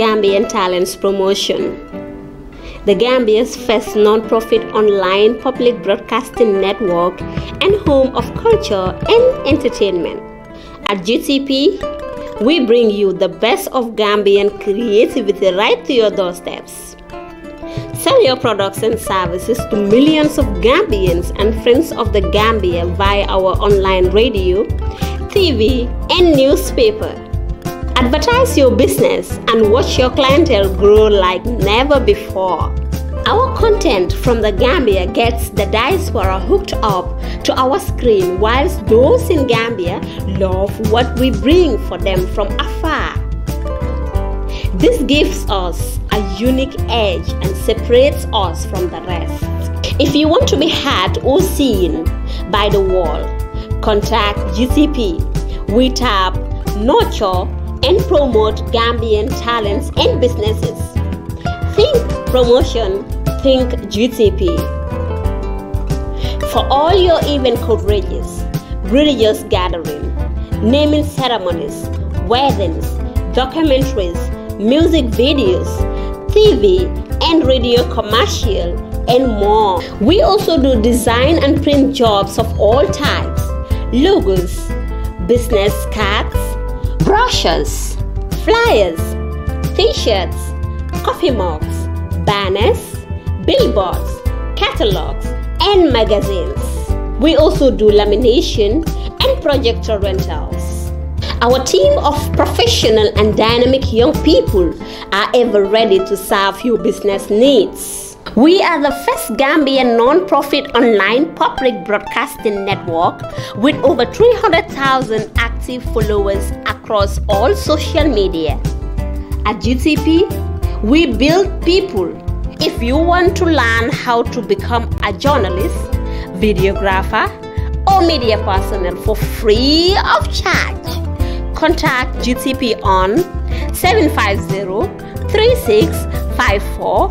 Gambian Talents Promotion. The Gambia's first non-profit online public broadcasting network and home of culture and entertainment. At GTP, we bring you the best of Gambian creativity right to your doorsteps. Sell your products and services to millions of Gambians and friends of the Gambia via our online radio, TV, and newspaper. Advertise your business and watch your clientele grow like never before. Our content from the Gambia gets the diaspora hooked up to our screen, whilst those in Gambia love what we bring for them from afar. This gives us a unique edge and separates us from the rest. If you want to be heard or seen by the world, contact GCP, WeTap, Nurture, and promote Gambian talents and businesses. Think promotion, think GTP. For all your event coverages, religious gathering, naming ceremonies, weddings, documentaries, music videos, TV and radio commercial, and more. We also do design and print jobs of all types, logos, business cards, brushes, flyers, t-shirts, coffee mugs, banners, billboards, catalogs, and magazines. We also do lamination and projector rentals. Our team of professional and dynamic young people are ever ready to serve your business needs. We are the first Gambian non-profit online public broadcasting network with over 300,000 active followers across all social media. At GTP, we build people. If you want to learn how to become a journalist, videographer, or media personnel for free of charge, contact GTP on 750 3654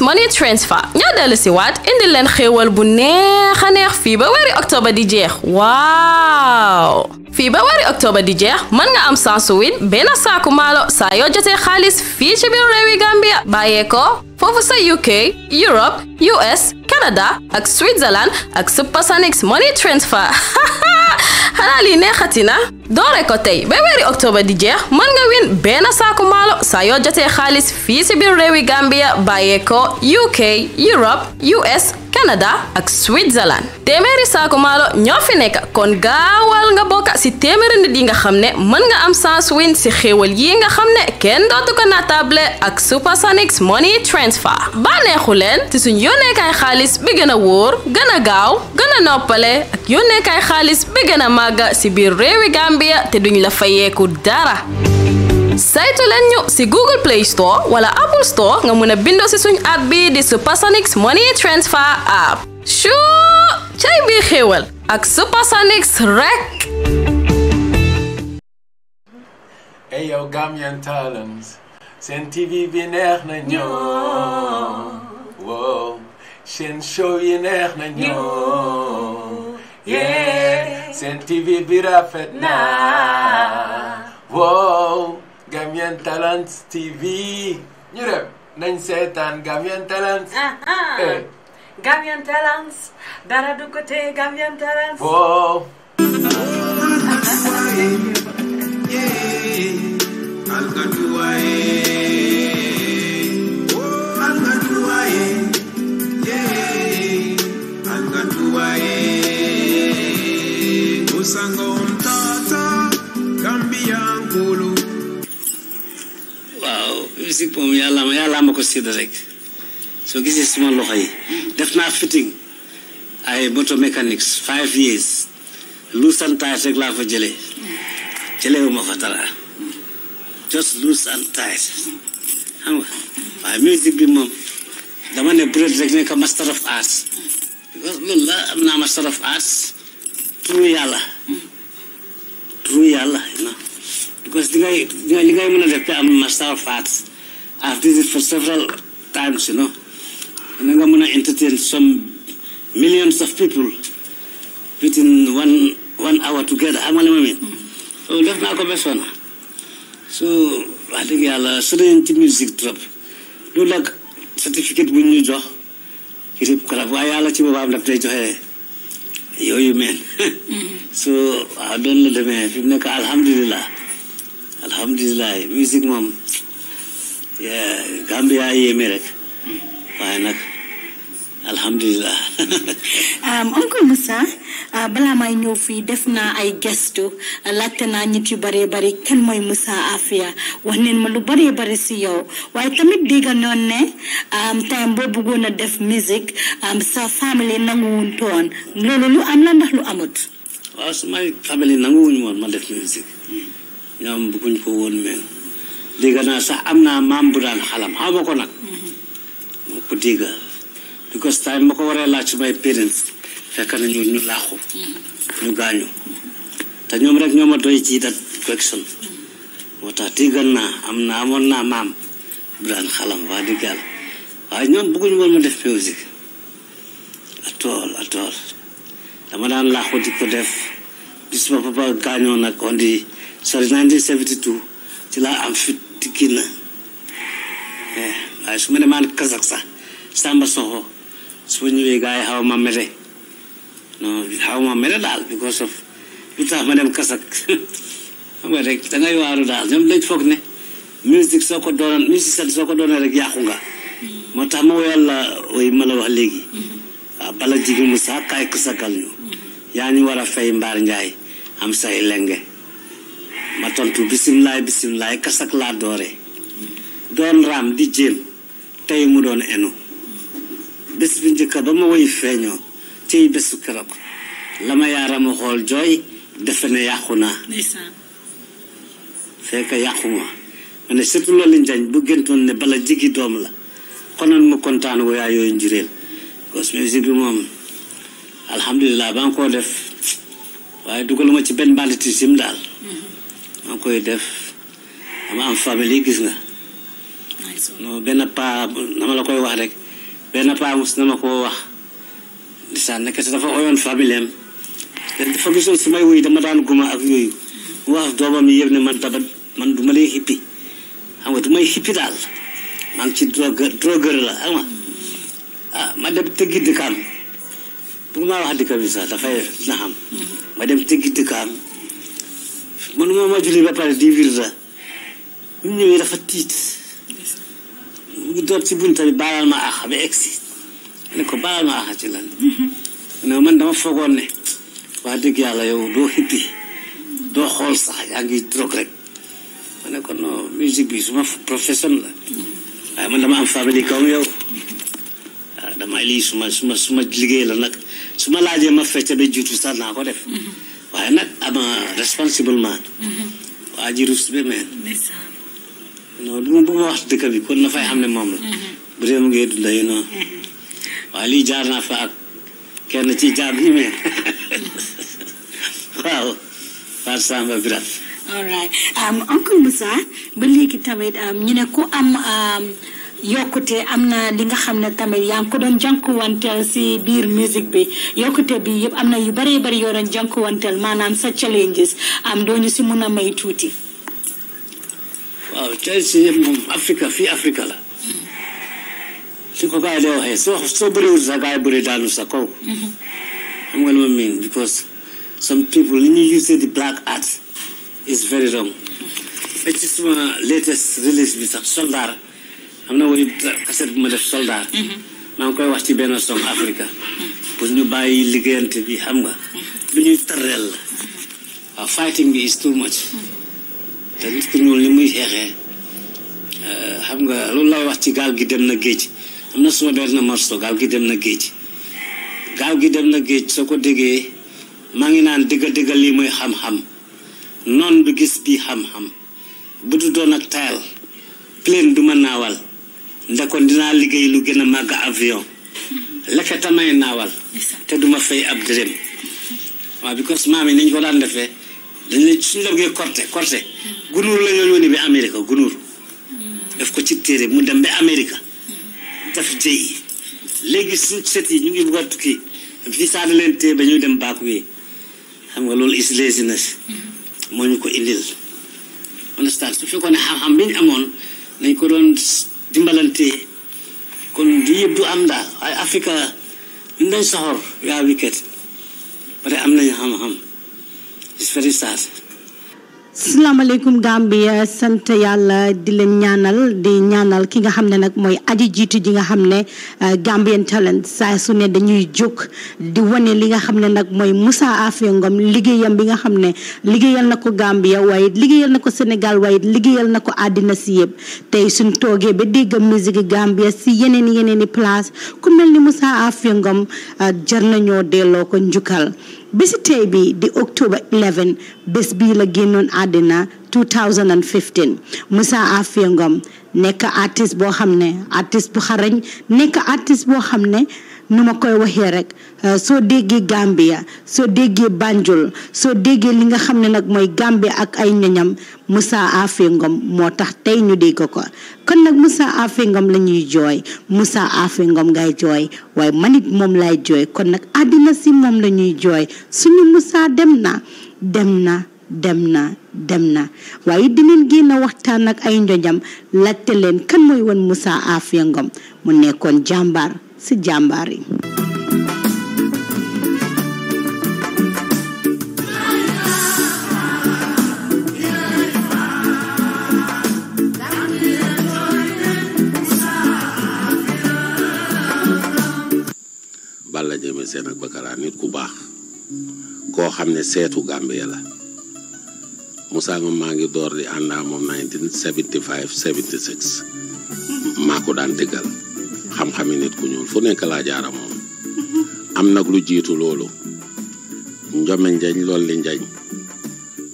Orange Money Transfer ñoo dellu si waat indi leen xéewal bu neex a neex fii ba weeri octobre di jeex waaw fii ba weeri octobre di jeex mën nga am sansuwin benn saaku maalo saa yoo xaalis fii ci biir réewi Gambia bàyyee ko foofu sa UK Europe US Canada ak Switzerland ak Supersonix money transfer xanaa lii neexati na doore ko tey ba weeri octobre di jeex mën nga win benn saaku maalo saa yoo xaalis fii si biir réewi Gambia bàyyee ko UK Europe US Canada ak Switzerland téeméeri saaku maalo ñoo fi nekk kon gaawal nga bokka ci téeméeri nit yi nga xam ne mën nga am sans win ci xéewal yi nga xam ne kenn dootu ko natable ak Supersonix money transfer transfa bànneexu leen ci suñ yónneekaay xaalis bi gën a wóor gën gaaw gën noppale ak yónneekaay xaalis bi gën a ci biir réewi Gambia te duñ la fayeeku dara saytu leen ñu ci Google Play Store wala Apple Store nga mën a bindoo ci suñ app bi di Supersonix Money Transfer app shuu cay bii xéewal ak Supersonix rek. Sentivivinech na nyo. Whoa. Shen shoyinech na nyo. Yeah. fet na. wo Gamyan Talents TV. Nyurep. Nañ seetaan Gamian Talents. Eh. Gambian Talents dara du côté Talents. Wow. musique moom yàlla ma yàlla ma ko sédd rek soo gisee suma loxo yi def naa fitting I motor mechanics five years lu santaas rek laa fa jële jëlewu ma fa dara just loose and tight I nga waaye musique mom, the dama ne bread rek master of arts because me, la am naa master of arts Allah. yàlla Allah, You know. because the guy, the guy, the guy, man, a def te am master of arts I've did it for several times you know And I'm gonna entertain some millions of people within one one hour together I'm nga li ma miin def naa ko besoona su wax dëgg yàlla su nañ ci musique trop lu nag certificat bu ñu jox ki rib ko la waaye yàlla ci boppam daf day joxe yooyu meen mm-hmm. su waaw doon la demee fi mu nekk alhamdulilah alhamdulilah musique moom Gambia yéeme rek mm. waaye nag alhamdulilah um, Ah, balaa may ñëw fii def naa ay gestu laajte naa nit yu baree bari kenn mooy Musa Afia wax neen ma lu baree bari si yow waaye tamit diga noon ne time boo bëggoon a def musique sa famille nanguwuñ toon loolu lu am la ndax ma def musique ñoom bëgguñ ko woon meen diga naa sax am naa maam bu daan xalam xaw ma ko nag moo mm-hmm. ko diga because time ma ko waree laaj su may parents fekk na ñu mm-hmm. ñu laxu ñu gañu ta ñom rek ñoma doy ci dat question mm-hmm. moo tax tiigal am na mam bran khalam, bu daan xalam wa di wa waaye ñoom Atol atol. ma def music atol atol dama daan laxu di ko def bis ma papa gañu nak on di sori 1972 ci la am fit di eh ay su ma man kasak sax samba soho suñu ma ñëwee ma mere non xaw ma mel daal bi ko sof lu tax ma dem kasak xam nga rek dangay waaru daal ñoom soo ko soo ko doon rek yàqu nga moo tax ma woyal la woy ma la wax léegi waaw bala jigi mu sax kasakal ñu yaa ñu war a fay mbaar njaay am say lenge ma tontu bisimilaay bisimilaay kasak laa doore doon raam di jéem tey mu doon enu bés bi njëkka ba ma woy feeñoo ci bésu këram la ma yaarama xool jooy defe ne yàqu naa fekk yàquma ma ne surtout loolu njañ bu gëntoon ne bala jigi doom la konoon mu kontaan woyaa yooyu njureel cause musique bi moom alhamdulilah ba nga koo def waaye dugaluma ci benn banditisme daal mhm. maa ngi koy def dama am famille gis nga non benn paa dama la koy wax rek benn paa mus na ma koo wax لسانك تدفع أيون فابلهم فابلسون سماي ويدا مدان قما أغيوي واف دوبا ميبن من دبن من دمالي هيبي أما دمالي هيبي دال مانشي دروغر دروغر لا أما ما دب تجي دكان بما واحد كبيسة تفاير نعم ما دب تجي دكان من ما ما جلي بقى ديفيرزا مني ويرفتيت ودرتي بنتي بعلى ما أخ بإكسيت ne ko baal ma axa ci lan ne man dama foogoon ne wax dëgg yàlla yow doo xippi doo xool sax yaa ngi drogue rek ma ne ko non musique bi suma profession la waaye man dama am famille comme yow waaw dama lii suma suma suma liggéey la nag suma laajee ma fecce ba jiitu sax naa ko def waaye nag ama responsablement waa ji rus be meen non du ma wax dëkk bi kon na fay xam ne moom la mm-hmm. bu dee mu ngi dunda yi noonu mm-hmm. Wali jar jaar kena fa ci ni me all right um, Uncle Musa beli kita tamit um ne ko am um, yokute amna li nga xamne tamit yaa ngi ko si bir music bi yokute bi yeb amna yu bari bari yo don janku wantel manam sa challenges am um, doo ñu si muna may tuti waaw challenge Africa fi Africa la Siko ba leo he so so buri uza ga buri dalu sako i'm going to mean because some people when you say the black art is very wrong it is my latest release bi sax soldat I'm not way uh, cassette bu my def soldat maa ngi koy wax ci song africa pour ñu bàyyi liggéeyante bi xam nga lu ñuy tërreel la fighting is too much te nit ku ñuul li muy xeexee xam nga loolu lay wax ci gaal gi dem na am na suma na morso gaaw gi dem na géej gaal gi dem na géej soo ko déggee maa ngi naan dëgga dëgga lii mooy xam-xam noon du gis bii xam-xam bu du doon ak taal plane du ma naawal nda kon dinaa liggéey lu gën a màgg avion lekk tamay naawal te duma fay ab dërëm waaw because maam yi niñ ko daan defee dañ ne suñ la bëggee korte korte gunuur la ñoo yónni bi Amérique gunuur hmm. def ko ci téere mu dem ba Amérique def jëy léegi suñ set yi ñu ngi bugg a tukki visa da leen téye ba ñuy dem baaku yi xam nga loolu is laziness mm-hmm. moo ñu ko indil su fekkoon ne xam-xam bi ñu amoon nañ ko doon dimbalante kon du yëpp du am daal waaye Africa ñu dañ soxor yaa wicket bare am nañ xam-xam is very sad salaamaaleykum Gambia sant yàlla di leen ñaanal di ñaanal ki nga xam ne nag mooy aji jiitu ji nga xam ne euh, Gambian Talent saa su ne dañuy jóg di wane li nga xam ne nag mooy Musa Afia Ngum liggéeyam bi nga xam ne liggéeyal na ko Gambia waaye liggéeyal na ko senegal waaye liggéeyal na ko àddina si yëpp tey suñ toogee ba dégg musique Gambia si yeneen yeneeni place ku mel ni Musa Afia Ngum euh, jar nañoo delloo ko njukkal bési tey bi di october 11 bés bii la génnoon àddina 2015 Musa Afia Ngum nekk artiste boo xam ne artiste bu xarañ nekk artiste boo xam ne nu ma koy waxee rek euh, soo déggee Gambia soo déggee Banjul soo déggee li nga xam ne nag mooy Gambia ak ay ñoñam Moussa Affe Ngom moo tax tey ñu dégg ko kon nag Moussa Affe Ngom la ñuy jooy Moussa Affe Ngom ngay jooy waaye manit moom lay jooy kon nag àddina si moom la ñuy jooy suñu Moussa dem na dem na dem na dem na waaye dinañ génn waxtaan ak ay njojam laajte leen kan mooy woon Moussa Affe Ngom mu nekkoon jàmbaar sejambari. Balla Jëme Seen ak Bakara nit ku gambela. koo xam ne seetu la ngi door di 1975 76 mako dan daan xam-xami nit ku ñuul fu nekk laa jaaram moom am nag lu jiitu loolu njome njañ lool li njañ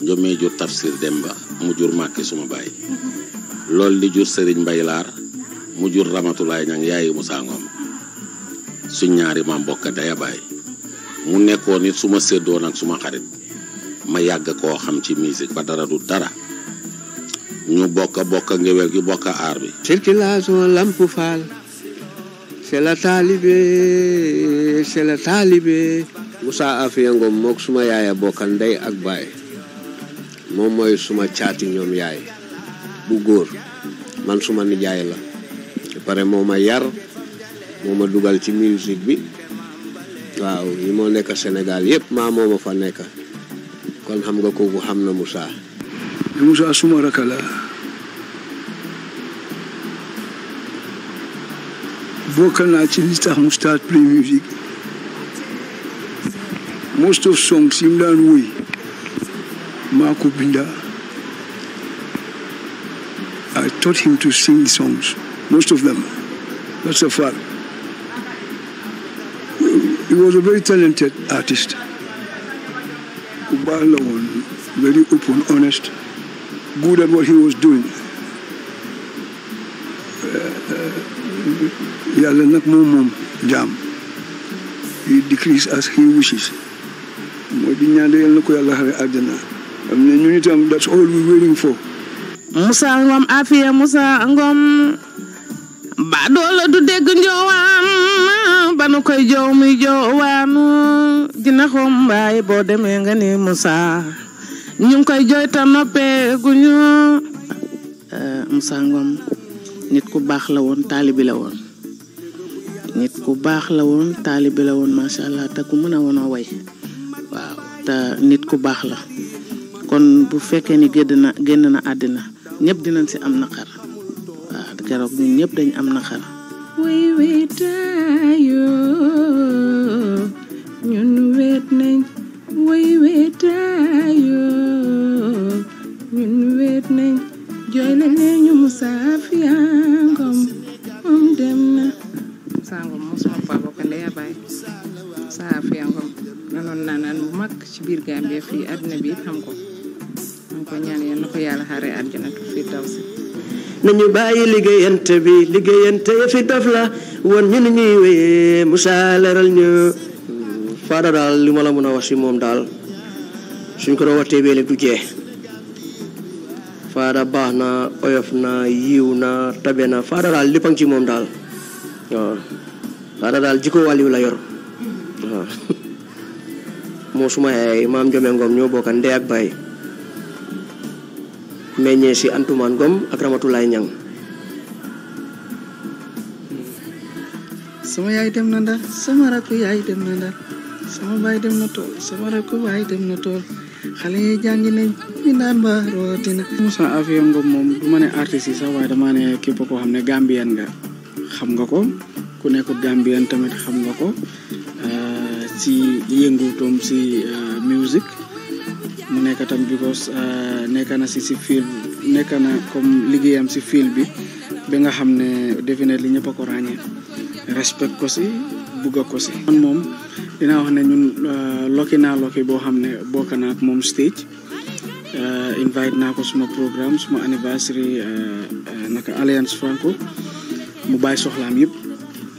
njome jur tafsir demba mu jur màkki suma baay lool li jur sëriñ mbay laar mu jur ramatulaay ñang yaayi Musaa Ngom su ñaari ma bokk daya baay mu nekkoon nit suma ma séddoon ak suma xarit ma yàgg koo xam ci musique ba dara du dara ñu bokk bokk ngéwél gi bokk aar bi circulation lamp faal c'est la taalibe c'est la taalibe Moussa Afia Ngom mook suma yaaya bokkal ndey ak baay moom mooy suma caati ñoom yaay bu góor man suma nijaay la pare moo ma yar moo ma dugal ci musique bi waaw ñi moo nekk Sénégal yëpp maa moo ma fa nekk kon xam nga kooku xam na musaa Moussa suma rakk la bokk naa ci li start playing music most of songs in mu daan Marco binda I taught him to sing songs most of them that's a fact he was a very talented artist well-known, very open honest good at what he was doing yàlla nag moom moom jaam he decrees du dégg njoowaan banu koy joow muy dina xom mbaay boo demee nga ni Musa ñu ngi koy jooy ta noppee guñu eh, Musa Ngum nit ku baax la woon taalibi la woon nit ku baax la woon taalibe la woon macha allah te ku mën a woon a way waaw te nit ku baax la kon bu fekkee ni gédd na génn na àddina ñëpp dinañ si am naqar waaw keroog ñun ñëpp dañ am naqar way jooy la ñu Moussa Afia Ngom moom dem na Moussa Ngom moo sama papa ko ndeya baay Safia Ngom naa naan bu mag ci biir Gambie fii àddina bi xam ko man ko ñaan yal na ko yàlla xaaree àjjana fii daw la woon ñu ni ñuy wéyee ñu Fada daal li mën a wax si moom daal suñ ko doon waxtee beele du jeex Fada baax na oyof na yiw na tabe na Fada daal léppang ci moom daal Ada dal jiko wali wala yor mo moo suma yaay eh, maam Jome Ngom ñoo bokk ndey ak baay meññee si Antumaan Ngom ak Ramatulaay Ñang sama yaay dem na ndar sama rakku yaay dem na ndar sama baay dem na tool sama rakku dem na tool xale yi jàngi nañ naan ba rotina musa Afia Ngom moom du ne artiste dama ne xam nga ko ku nekk Gambien tamit xam nga ko euh, ci yëngutoom si euh, music, mu nekk tam because euh, nekk na si si film nekk na comme liggéeyam si film bi bi nga xam ne definitely ñëpp a ko ràññee respect ko si bugg ko si man moom dinaa wax ne ñun lokki naa lokki boo xam ne bokk naa ak moom stage invite naa ko suma programme suma anniversary naka alliance franco mu bàyyi soxlaam yëpp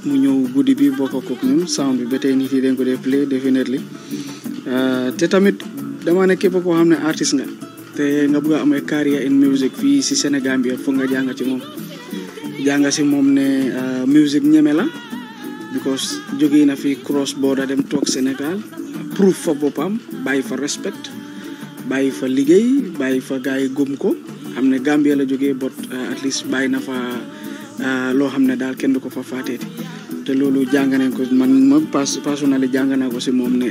mu ñëw guddi bi bokk ak ñun sound bi ba tey nit yi dañ ko dee play definitely euh, te tamit dama ne képp koo xam ne artiste nga te nga bëgg a amee carrière in music fii si Sénégal bi foog nga jàng ci moom si moom ne euh, music ñeme la because jógee na fi cross border dem toog Sénégal proof fa boppam bàyyi fa respect bàyyi fa liggéey bàyyi fa gars yi gëm ko am ne Gambia la jógee bot euh, at least bàyyi na fa Ah, lo xamne dal ken kenn duko fa faté té lolu jangane ko man ma pas personnalité jàng ko ci mom ne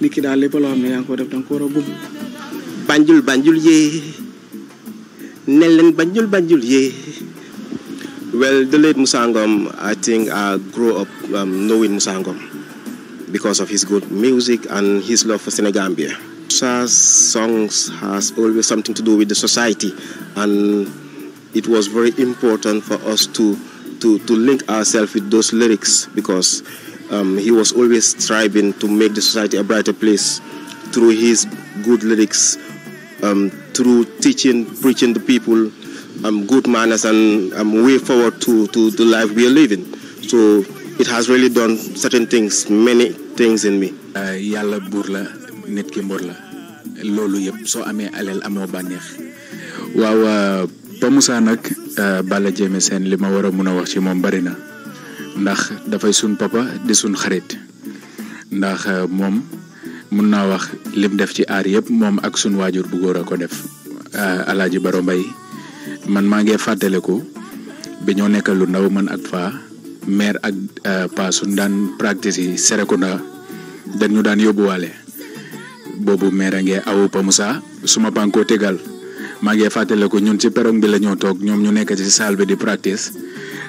niki dal lepp lo xamne yang ne ko def tan ko ro banjul banjul ye nelen banjul banjul ye well the late musangom i think i uh, grow up um, knowing musangom because of his good music and his love for senegambia sa songs has always something to do with the society and it was very important for us to to, to link ourselves with those lyrics because um, he was always striving to make the society a brighter place through his good lyrics, um, through teaching, preaching the people um, good manners and um, way forward to, to the life we are living. So it has really done certain things, many things in me. Uh, yàlla ba musa nak euh, Balla jeme sen lima wara muna wax ci mom bari na ndax fay sun papa di sun xarit ndax euh, mom muna wax lim def ci ar yeb mom ak sun wajur bu gora ko def euh, alaaji baro mbay man nge fatale ko bi ñoo nekkal lu ndaw man ak fa mère ak pa sun dan practice yi ko na dañu dan yobu bobu mère nge awu Pa musa suma banko tegal maa fatale ko ñun ci perong bi lañu tok ñom ñu nekk ci salle bi di practice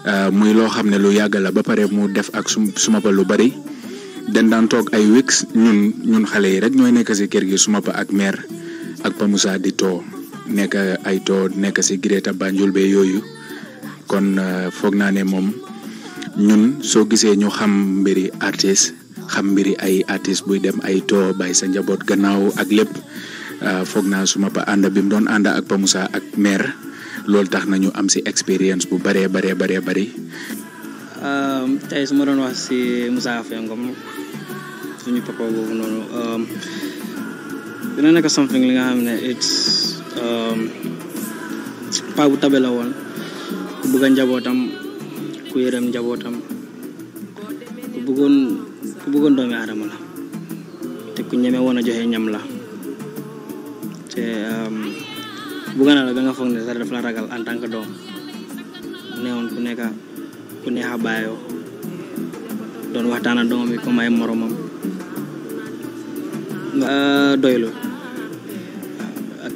euh, muy lo xamne lu yag la ba pare mu def ak suma pa lu bari den dan tok ay weeks ñun ñun xalé yi rek ñoy nekk ci kër gi suma pa ak mère ak Pa Moussa di to nekk ay to nekk ci Greta Banjul be yoyu kon euh, fogna naa ne mom ñun so gisé ñu xam mbiri artiste xam mbiri ay artiste buy dem ay to bay sa njabot gannaaw ak lepp Eh, Fogna suma ba anda bim don anda ak Pa Moussa ak mer lol tax nañu am ci experience bu bare bare bare bare um tay suma don wax ci musa Faye Ngom suñu papa nonu um dina nek something li nga xamne it's it's pa bu tabela won ku bëgg njabootam ku yërëm njabootam ku bëggoon ku bëggoon doomi aadama la te ku ñeme wona joxe ñam la. te um, bugga na la ba nga foog ne sax daf la ragal en tant que doom mu newoon ku nekka ku neex a bàyyoo doon waxtaan ak doomam yi comme ay moromam nga euh, doylu ak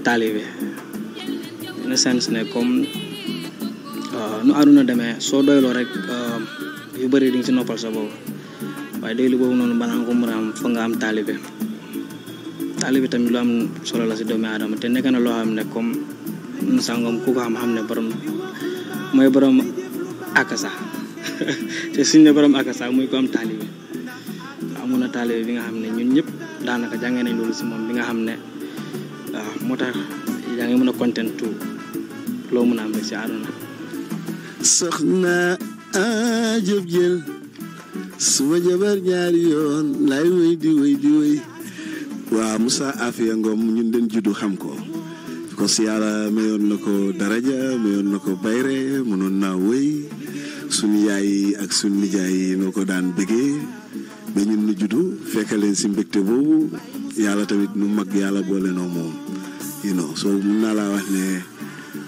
in a ne comme euh, nu àdduna demee soo doyloo rek euh, yu bari di si ci noppal sa boobu waaye doylu boobu noonu balaa nga ko mën am foog nga am taalibe taalibe tamit lu am solo la ci doomi aadama te nekk na loo xam ne comme sangom ku ko xam-xam ne borom mooy borom akasa te suñ ne borom akasa muy ko am taalibe amoon na taalibe bi nga xam ne ñun ñëpp daanaka jàngee nañ loolu si moom bi nga xam ne waaw moo tax yaa ngi mën a content tu loo mën a am rek si àdduna sax naa jël suma jabar ñaari yoon lay wëy di wëy di wëy wa musa afi Ngom ñun den juddu xam ko ko que mayon nako daraja mayon nako bayre munon na wey sun yaay ak sun nijaay noo daan bëggee be ñun ñu juddu fekk si mbégte boobu yàlla tamit nu mag yàlla boole noo moom you know so mun naa laa wax ne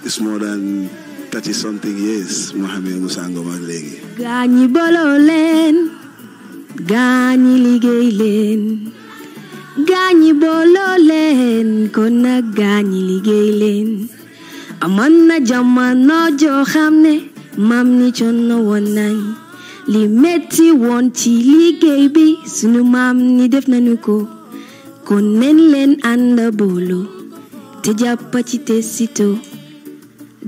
is more than thirty something years moo xamee Moussa Ngom ak léegi gaañi boloo leen gaañi liggéey leen Gani bolo len, kon Gani gaañi liggéey leen amoon na jamono joo xam ne maam ni coono woon nañ li sunu maam ni def nañu ko kon nen leen ànd booloo te jàpp ci te sito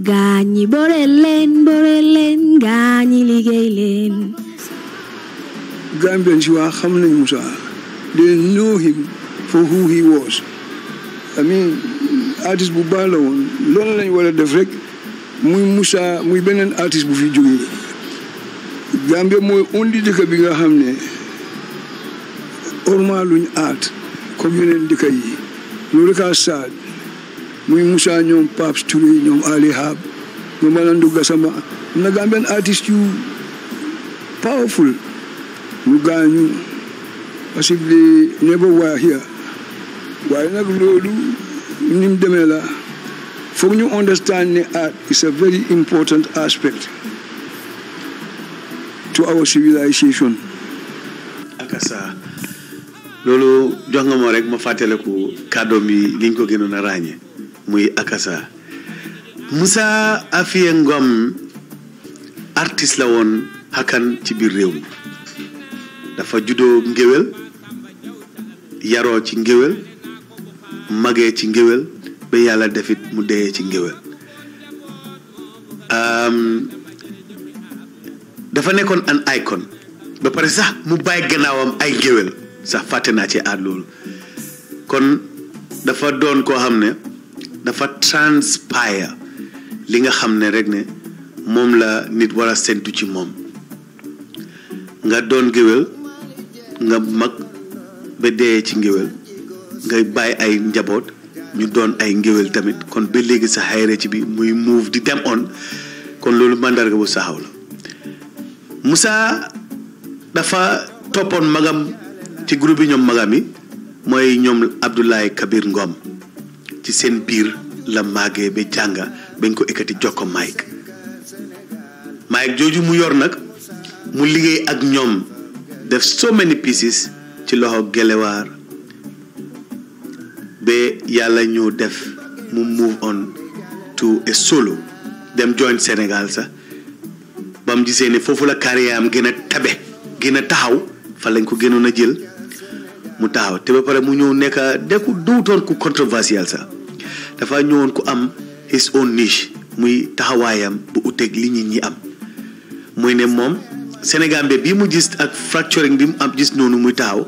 gaañi boore leen boore leen gaañi liggéey leen Gambians, you They know him for who he was. I mean artiste bu baax lo woon loolu lañ war a def rek muy Moussa muy beneen artiste undi dëkk bi Hamne, orma luñ aat comme yeneen dëkk yi loolu ka saad muy Moussa ñoom Pape Touré ñoom Ali Hab ñoom Malandou na Gambian artiste yu powerful ñu gaañu asif de they never were here waaye nag loolu ni demee la foog ñu understand ne art ah, is a very important aspect to our civilization. akasa loolu jox nga moo rek ma fàttaleku kàddoom yi liñ ko gënoon a ràññee muy akasa Moussa Afia Ngum artiste la woon xakkan ci biir réew mi dafa juddoo ngéwél yaroo ci ngéwél magee ci ngéwél ba yàlla defit mu deyee ci ngéwél dafa nekkoon an icon ba pare sax mu bàyyi gannaawam ay ngéwél sax fàtte naa ci aat loolu kon dafa doon koo xam ne dafa transpire li nga xam ne rek ne moom la nit war a ci moom nga doon géwél nga mag ba dee ci ngéwél ngay bàyyi ay njaboot ñu doon ay ngéwél tamit kon ba léegi sa xayre ci bi muy move di dem on kon loolu màndarga bu saxaw la musaa dafa toppoon magam ci group bi ñoom magam yi mooy ñoom Abdoulaye Kabir Ngom ci seen biir la màggee ba jànga bañ ko ekkati jox ko Mike Mike jooju mu yor nag mu liggéey ak ñoom def so many pieces ci loxo Gelewaar ba yàlla ñu def mu move on to a solo dem join Sénégal sax ba mu gisee ne foofu la carrière am gën a tabe gën a taxaw fa lañ ko gënoon a jël mu taxaw te ba pare mu ñëw nekk de ku duutoon ku controversial sax dafa ñëwoon ku am his own niche muy taxawaayam bu uteeg li nit ñi am muy ne moom Sénégal bi bii mu gis ak fracturing bi mu am gis noonu muy taxaw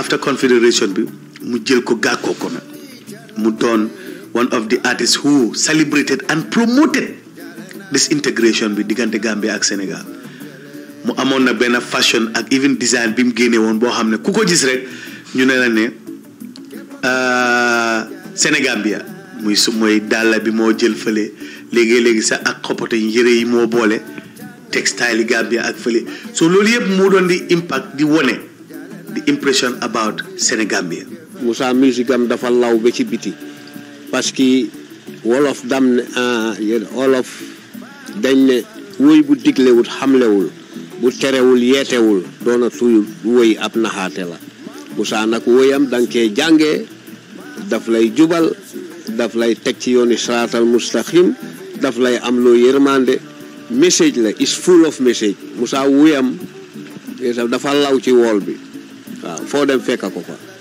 after confédération bi mu jël ko gàkkoo ko nag mu doon one of the artists who celebrated and promoted this integration bi diggante Gambia ak Sénégal mu amoon na benn fashion ak even design bi mu génne woon boo xam ne ku ko gis rek ñu ne la ne euh, Sénégambia muy su mooy dàlla bi moo jël fële léegi-léegi sax ak xopoto yére yi moo boole textile yi Gambia ak fële so loolu yëpp moo doon di impact di wone di impression about Sénégambia Moussa musique am dafa law ba ci biti parce que wolof dam ah, wolof dañ ne woy bu diglewul xamlewul bu terewul yeetewul doona tuyul woy ab naxaate la Moussa nag woyam danga koy jàngee daf lay jubal daf lay teg ci yooni siraatal mustaqim daf lay am loo yërmande message la is full of message Moussa woyam dafa law ci wool bi waaw foo dem fekk ko fa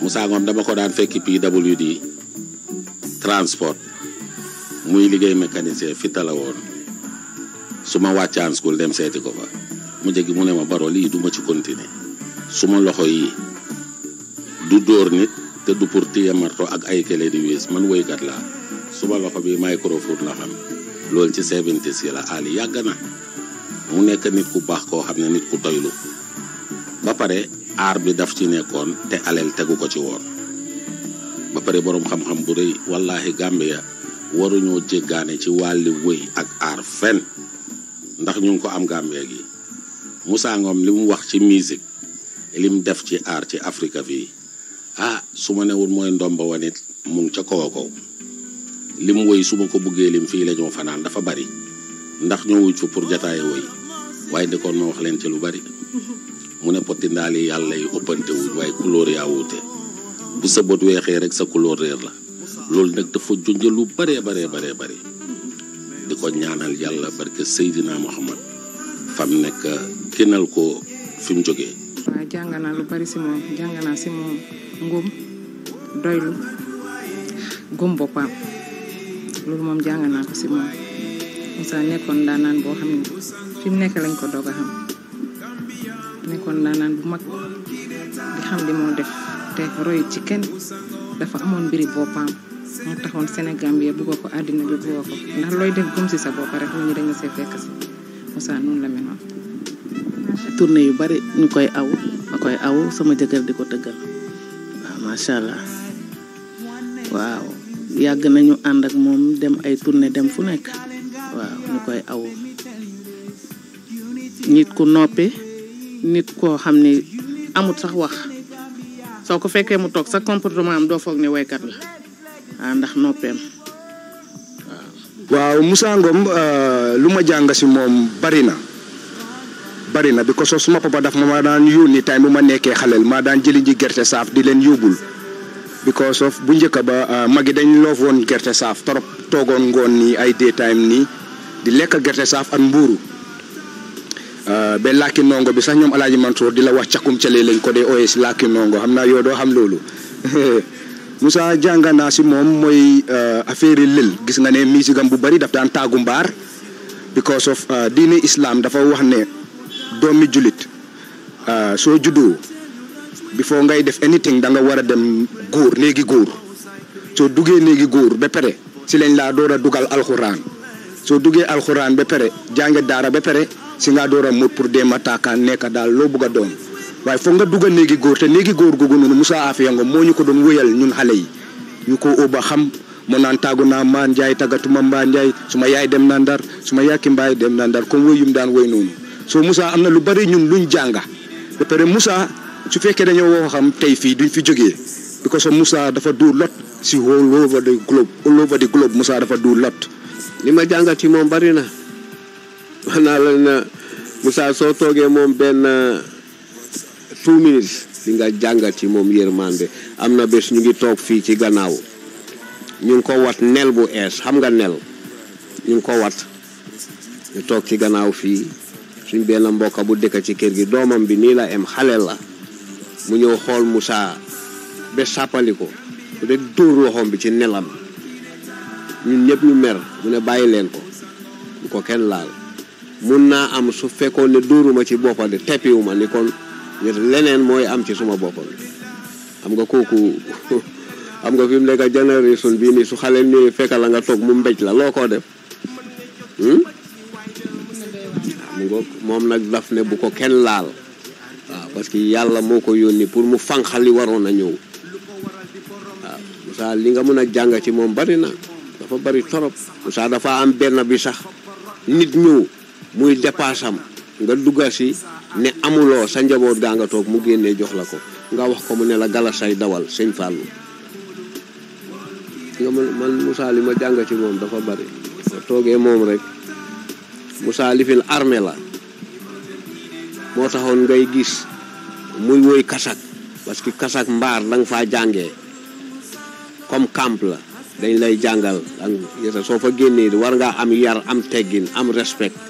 Moussa Ngom dama ko daan fekki PWD transport muy liggéey mécanicien fi tala woon ma wàccaan school dem seeti ko fa mu jegi mu ne ma baro lii duma ci continuer suma loxo yi du dóor nit te du pour téye ak ay kele di wiis man woykat laa suma loxo bi microphone la xam loolu ci seventies yi la Ali yàgg na mu nekk nit ku baax koo xam ne nit ku doylu ba pare aar bi daf ci nekkoon te aleel tegu ko ci woon ba pare boroom xam-xam bu rëy wallaahi Gambia waruñoo jéggaane ci wàlli woy ak aar fen ndax ñu ngi ko am Gambia gi Moussa Ngom li mu wax ci musique li mu def ci aar ci Afrique fii ah su ma newul mooy ndomba wanit mu ca kaw a kaw lim woy su ko buggee lim fii la ñoo fanaan dafa bari ndax ñoo wuj fa pour jataaye woy waaye ndikoon ma wax leen ci lu bari mu ne poti ndaal yi yàlla yi ëppante waaye couleur yaa wuute bu sa bët weexee rek sa couleur réer la loolu nag dafa junj lu baree baree baree bëri di ko ñaanal yàlla barke Seydina Muhammad fam nekk kennal ko fi mu jógee. waaw jàng naa lu bari si moom jàng naa si moom ngum doylu gum boppam loolu moom jàng naa ko si moom Moussa nekkoon daanaan boo xam ne fi mu nekk lañ ko doog xam. Nah, la ndaanaan bu mag di xam li moo def te roy ci kenn dafa amoon mbiri boppam mu taxoon Sénégambie bëggoo ko àddina bi bëggoo ko ndax looy def gum si sa bopp rek nit ñi dañu see fekk si Moussa noonu la meloon. tournée yu bari ñu koy aw ma koy aw sama jëkkër di ko tëggal waaw ah, macha allah waaw yàgg nañu ànd ak moom dem ay tournée dem fu nekk waaw ñu koy aw nit ku nit ko xamni amut sax wax so ko fekke mu tok sa comportement am doo ni way kat la ndax nopem waaw Moussa Ngom euh luma jang ci mom barina barina bi ko because of suma papa daf ma ma daan yónni time bu ma nekkee xaleel dan daan jëli ji saaf di len yobul because of bu ñëk ba euh, magi dañ lo won gerté saaf torop togon ngon ni ay day time ni, di lek gerté saaf ak mburu Euh, ba laaki nongo bi sax ñoom alaaji Mansour di la wax càkkum lañ ko dee ooyee si xam naa yow doo xam loolu Moussa jànga si moom mooy euh, affaire lël gis nga ne misigam bu bari daf daan taagu mbaar because of euh, diine islam dafa wax ne doomi julit soo juddoo before ngay def anything danga nga war a dem góor néegi góor soo duggee néegi góor ba pare si lañ laa door a dugal alxuraan soo duggee alxuraan ba pare jànge daara ba pare si nga dora mo pour dem taka nek dal lo buga dom way fo nga duga negi gor te negi gor gugu nonu musa afiya ngo moñu ko don weyal ñun xalé yi ñu ko oba xam mo nan taguna ma man tagatuma mba jaay suma yaay dem na ndar suma yaaki mbaay dem na ndar woyum daan so musa amna lu bari ñun luñ janga de pere musa su fekke dañu wo xam tay fi duñ fi joge because of musa dafa do lot si all over the globe all over the globe musa dafa do lot lima jangati mom bari na wax naa la na Moussa soo toogee moom benn two euh, minutes di nga jàngat ci moom yërmande am na bés ñu ngi toog fii ci gannaaw ñu ngi ko wat nel bu ees xam nga nel ñu ngi ko wat ñu toog ci gannaaw fii suñ benn mbokka bu dëkk ci kër gi doomam bi nii la em xale la mu ñëw xool musaa ba sàppali ko bu dee dóor loxoom bi ci nelam ñun ñëpp ñu mer mu ne bàyyi leen ko bu ko kenn laal mun naa am su fekkoon ne dóoruma ci boppa de teppiwuma ni kon leneen mooy am ci suma boppam xam nga kooku xam nga fi mu nekk génération bii nii su xale ñëwee fekk la nga toog mu mbéj la loo ko def waaw hmm? moom nag daf ne bu ko kenn laal waaw parce que yàlla moo ko yónni pour mu fanqal li waroon a ñëw waaw Moussa li nga mën a jàng ci moom bari na dafa bari torop Moussa dafa am benn bi sax nit ñëw muy dépassam nga dugga si ne amulo sa njaboot gaa nga tok mu génnee jox la ko nga wax ko mu ne la gala say dawal seigne fallu nga man Moussa li ma jang ci mom dafa bari ma toogee moom rek Moussa li fil armée la mo taxone ngay gis muy woy kasak parce que kasak mbar dang fa jangé comme camp la dañ lay jangal ak so fa génnee war nga am yar am teggin am respect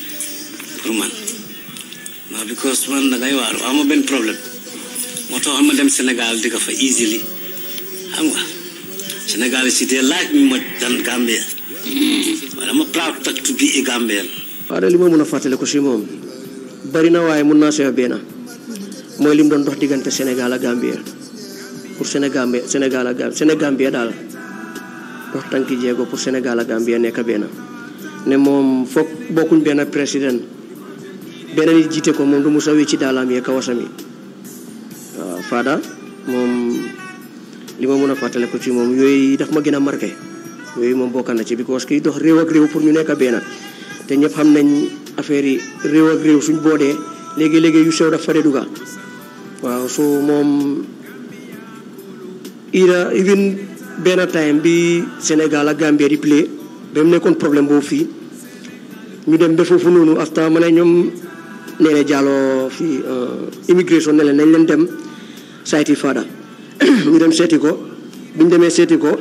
man nah because man dangay waaru ama benn problem. Moto tax ma dem Senegal di ko easily xam nga Sénégal si dee like me much than Gambia I'm a proud tak to be a Gambian waaw li ma mën a fàttale ko si bari na waaye mun naa seex benn lim don dox diggante Senegal ak Gambia pour Sénégal Senegal ak Gambia Sénégambia daal dox tànki jéego pour Sénégal ak Gambia nekk benn ne moom bokun bokkuñ benn benen nit jité ko mom du musa wecci daalaam yeeg kawasam yi waaw faada moom li ma mën ko ci mom yoy daf ma gëna marqué yoy mom bokk na ci because kiy dox rew ak rew pour ñu nekk benn té ñepp xam nañ affaire yi rew ak rew suñ bodé légui légui yu sew daf fare duga waaw ah, so mom, ira even benn time bi Sénégal ak Gambie di play ba nekkon problème bo fi ñu dem ba foofu nonu mané ñom Nele jalo fi eh, immigration ne nañ dem saiti fada ñu dem seeti ko biñ demee seeti ko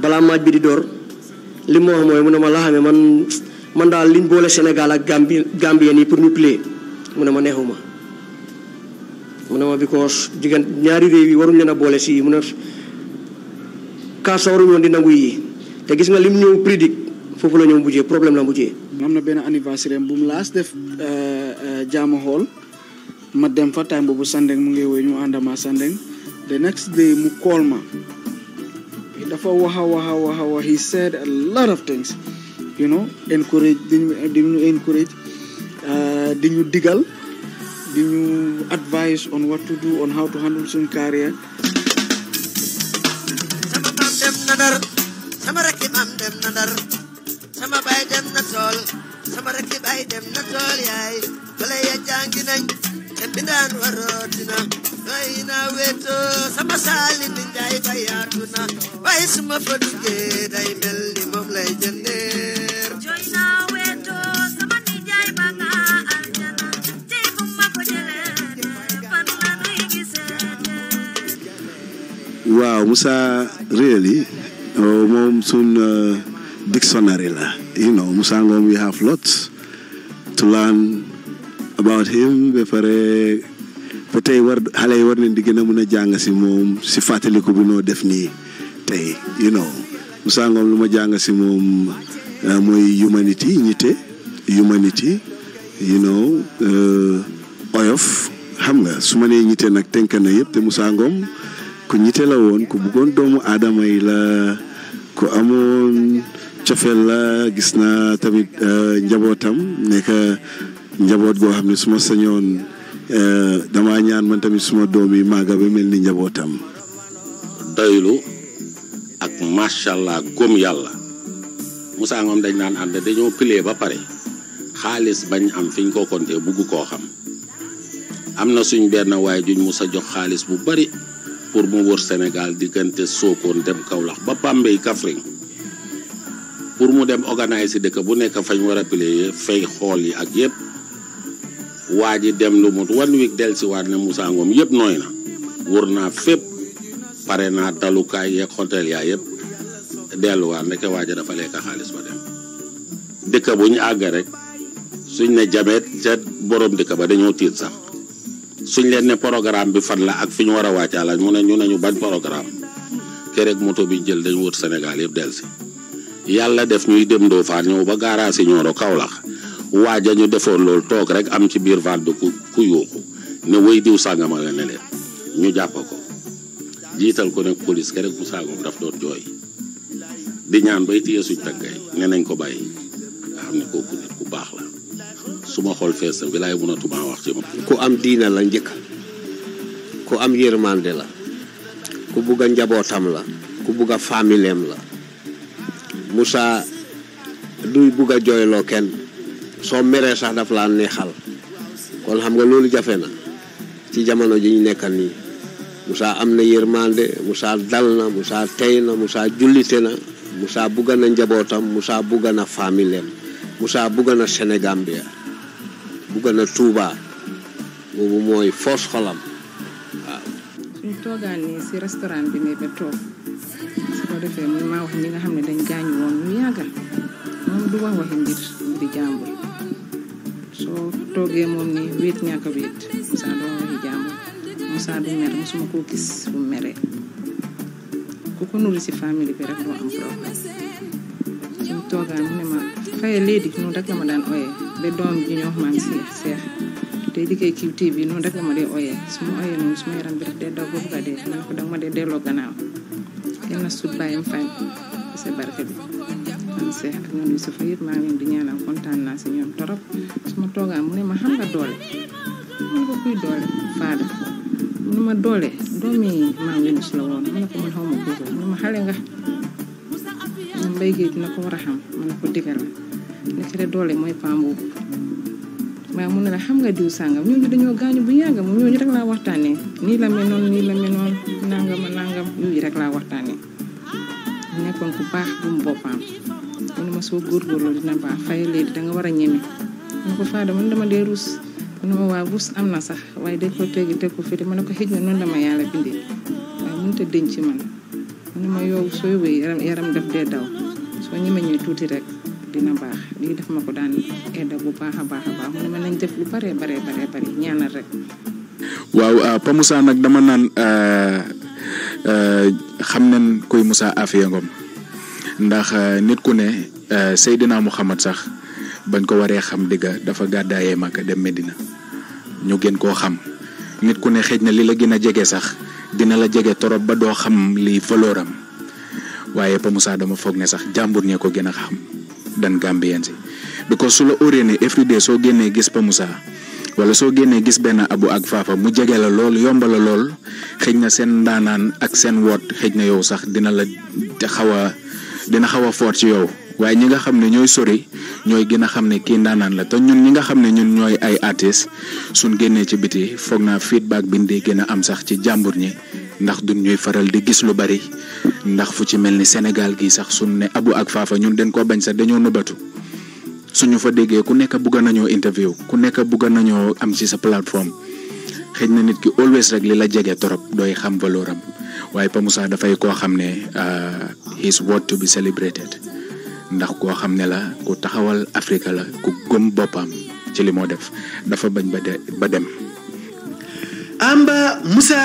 bala maaj bi di dor li mo moy mooy mu ne ma man man dal liñ bolé Sénégal ak Gambie Gambien yi pour ñu mu ne ma mu ne because ñaari réew yi waruñ leen a si mu ne di nangu yi te gis nga lim ñew prédic fofu la problème la nga xam benn anniversaire bu mu laas def euh, euh, jaama xool ma dem fa time boobu Sandeng mu ngi woy ñu Sandeng the next day mu call ma dafa waxa wax he said a lot of things you know encourage di ñu encourage euh, di ñu digal di ñu advice on what to do on how to handle suñ carrière sama rakki dem na sama baay dem na tool sama rakki baay dem na tool yaay wala ya jàngi nañ te mbindaan warooti na doy na weto sama saali ni njaay ba yaatu na waaye su ma fa duggee day mel ni moom lay jëndeer waaw Moussa Réel oh, moom sun euh, dictionary la. You know, Musangom, we have lots to learn about him We for ba war xale war nañ di a mën a jàng si moom si bi noo def you know Musangom Ngum lu ma jàng si uh, humanity humanity you know uh, oyof xam nga su ma nee ñite nag tënk na yëpp te Musa ku ñite la cofeel la gis na tamit euh, njabootam nekk njaboot goo xam ne suma ma sañoon euh, damaa ñaan man tamit suma doom yi maaga ba mel ni njabootam. doylu ak macha allah gom yàlla Moussa moom dañ naan ànd dañoo pile ba pare xaalis bañ am fiñ ko konte bugg koo xam am na suñ benn waaye juñ Moussa jox xaalis bu bari pour mu wër Sénégal diggante Sokone dem Kaolack ba Bambey Kaffrine pour mu dem organiser dëkk bu nekk fañ war a pile fay xool yi ak yëpp waa ji dem lu mut one week del si waat ne Moussa Ngom yëpp nooy na wër naa fépp pare naa talukaay yeeg hôtel yaa yëpp delluwaat ndeke waa ji dafa lekk xaalis ba dem dëkk bu ñu àgg rek suñ ne jameet ca borom dëkk ba dañoo tiit sax suñ leen ne programme bi fan la ak fi ñu war a wàccaalaat mu ne ñu ne ñu bañ programme ke rek moto bi jël dañ wër Sénégal yëpp del si yàlla def ñuy dem Ndofane ñëw ba gaara si ñooro Kaolack waaja ñu defoon loolu toog rek am ci biir van de ku ku yuuxu ne woy diw sàngama nga ne ñu jàpp ko jiital ko ne police ke rek bu saagom daf doon jooy di ñaan bay téye suñ taggay ne nañ ko bàyyi nga xam ne kooku nit ku baax la su ma xool fees bi laay mënatuma wax ci moom ku am diina la njëkk ku am yërmande la ku bugg njabootam la ku bugg a faamileem la musaa duy bugg a jooyloo kenn soo meree sax daf laa neexal kon xam nga loolu jafe na ci jamono ji ñu nekk nii Moussa am na yërmande Moussa dal na Moussa tey na Moussa jullite na musaa bugg na njabootam musaa bugg na familleem Moussa bugg na Sénégambia bugg na Touba boobu mooy foos xolam waaw. su ko defee man maa wax ñi nga xam ne dañ gaañu woon moom du wax waxi di jàmbur soo toogee moom ni wéet ñàkk a wéet Moussa doo waxi jàmbur Moussa du mere musuma koo gis bu ku ko nuru si famille bi rek doo am problème suñ toogaan mu ne ma faye léegi noonu rek la ma daan ooyee ba doom ji ñoo man seex seex te liggéey kiw TV noonu rek la ma dee su ma noonu su ma yaram bi rek dee ba dee ma ko dee delloo gannaaw yal na sut bàyyam fay sa barke bi man seex ak man Yusufa yëpp maa ngi di ñaanal kontaan naa si ñoom torop su ma toogaa mu ne ma xam nga doole mun nga kuy doole faada mu ne ma doole doomi maa Yunus la woon mu ne ko man xaw mune kuy mu ne ma xale nga mbay gi mune ya, ko gitu war a xam mu ne ko digal la nekkere doole mooy pam boobu mu ne la xam nga diw sàngam ñooñu dañoo gaañu bu yàgg mu ñooñu rek laa waxtaanee nii la mel noonu nii la mel noonu nangam a nangam yii rek laa waxtaanee mu nekkoon ku baax bu mu boppam mu ne ma soo góorgóorloo dina baax fay léegi danga war a ñeme mu ko faada man dama dee ruus waa ruus am na sax waaye dañ ko tegi teg ko fii ma ne ko xëj na noonu dama yàlla bindee waaye mënut a denc man mu ne ma yow sooy wéy yaram yaram daf dee daw soo ñeme ñuy tuuti rek dina baax lii daf ma ko daan edda bu baax a baax a baax mu ne def lu bare bare bare bare ñaanal rek waaw ah, Pa dama naan ah, Euh, xam nañ koy Moussa Afia Ngom ndax euh, nit ku ne euh, Seydina Muhammad sax bañ ko waree xam digga dafa gàddaayee mag dem Medina ñu gën koo xam nit ku ne xëy na li la gën a jege sax dina la jege torop ba doo xam li valeuram waaye Pa Moussa dama foog ne sax jàmbur ñee ko gën a xam dan gambien si because su la óoree ne everyday soo génnee gis Pa Moussa wala soo génnee gis benn abu ak faafa mu jege la lool yomba la lool xëj na seen ndaanaan ak seen woot xëj na yow sax dina la xaw a dina xaw a foor ci yow waaye ñi nga xam ne ñooy sori ñooy gën a xam ne kii ndaanaan la te ñun ñi nga xam ne ñun ñooy ay artistes suñ génnee ci biti foog naa feedback bi di gën a am sax ci jàmbur ñi ndax duñ ñuy faral di gis lu bari ndax fu ci mel ni Sénégal gi sax suñ ne abu ak faafa ñun den ko bañ sax dañoo nëbbatu suñu fa déggee ku nekk bugg nañoo interview ku nekk bugg nañoo am ci sa plateforme. xëy na nit ki always rek li la jege torop doy xam valoram am waaye Pa Moussa dafay koo xam ne his ah, word to be celebrated ndax koo xam ne la ku taxawal Afrika la ku gëm boppam ci li moo def dafa bañ ba ba dem amba Moussa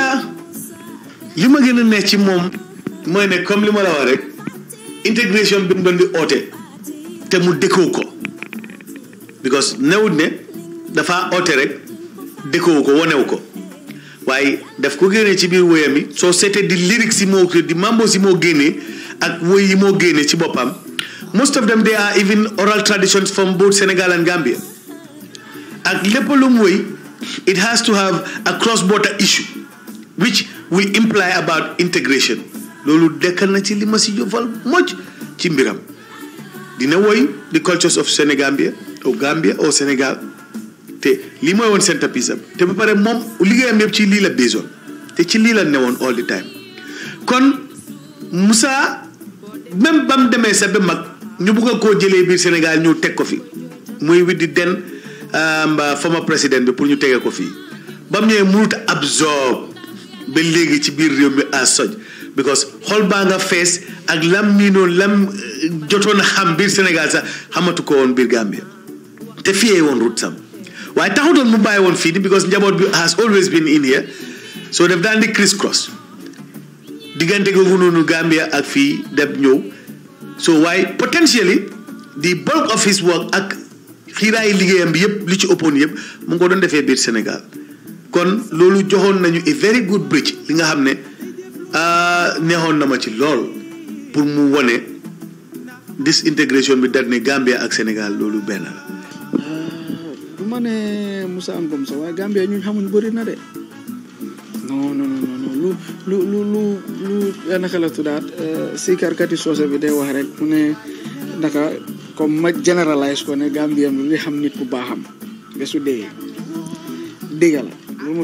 li ma gën a ne ci moom mooy ne comme li ma la wax rek intégration bi mu di oote te mu dëkkoo ko because newut ne dafa oote rek dëkkowu ko wonewu ko waaye daf ko génnee ci biir woyam yi soo seetee di lyrics yi moo di mambo si moo génnee ak woy yi moo génne ci boppam most of them they are even oral traditions from both Senegal and Gambia ak lépp woy it has to have a cross border issue which will imply about integration loolu dekkal na ci lima ma si jofal moj ci mbiram dina woy the cultures of Senegambia or Gambia or Senegal te lii mooy woon seen tapisam te ba pare moom liggéeyam yëpp ci lii la bisoon te ci lii la newoon all the time kon Moussa même ba mu demee sa ba mag ñu bugg koo jëlee biir Sénégal ñu teg ko fi muy widdi den euh, former président bi pour ñu tege ko fii ba mu ñëwee mënut absorb ba léegi ci biir réew mi à soj because xool baa nga fees ak lam miinoon lam euh, jotoon xam biir Sénégal sax xamatu ko woon biir Gambia te fiyee woon route sam waaye doon mu bàyyi woon fii nii because njaboot bi has always been in here so def daal di criss cross diggante googu noonu Gambia ak fii dem ñëw so waaye potentially di bulk of his work ak xiiraayu liggéeyam bi yëpp li ci ëppoon yëpp mu ngi ko doon defee biir Sénégal kon loolu joxoon nañu a very good bridge li nga xam ne ah, neexoon na ma ci lool pour mu wone this intégration bi dal ne Gambia ak Sénégal loolu benn la ma ne Moussa Ngom sax waaye Gambia ñun xamuñ bëri de non non non non lu lu lu lu lu eh, naka la tuddaat eh, sikarkati soose bi day wax rek mu ne naka comme ma généralise ko ne Gambien bi xam nit ku baaxam ba su dee dégg la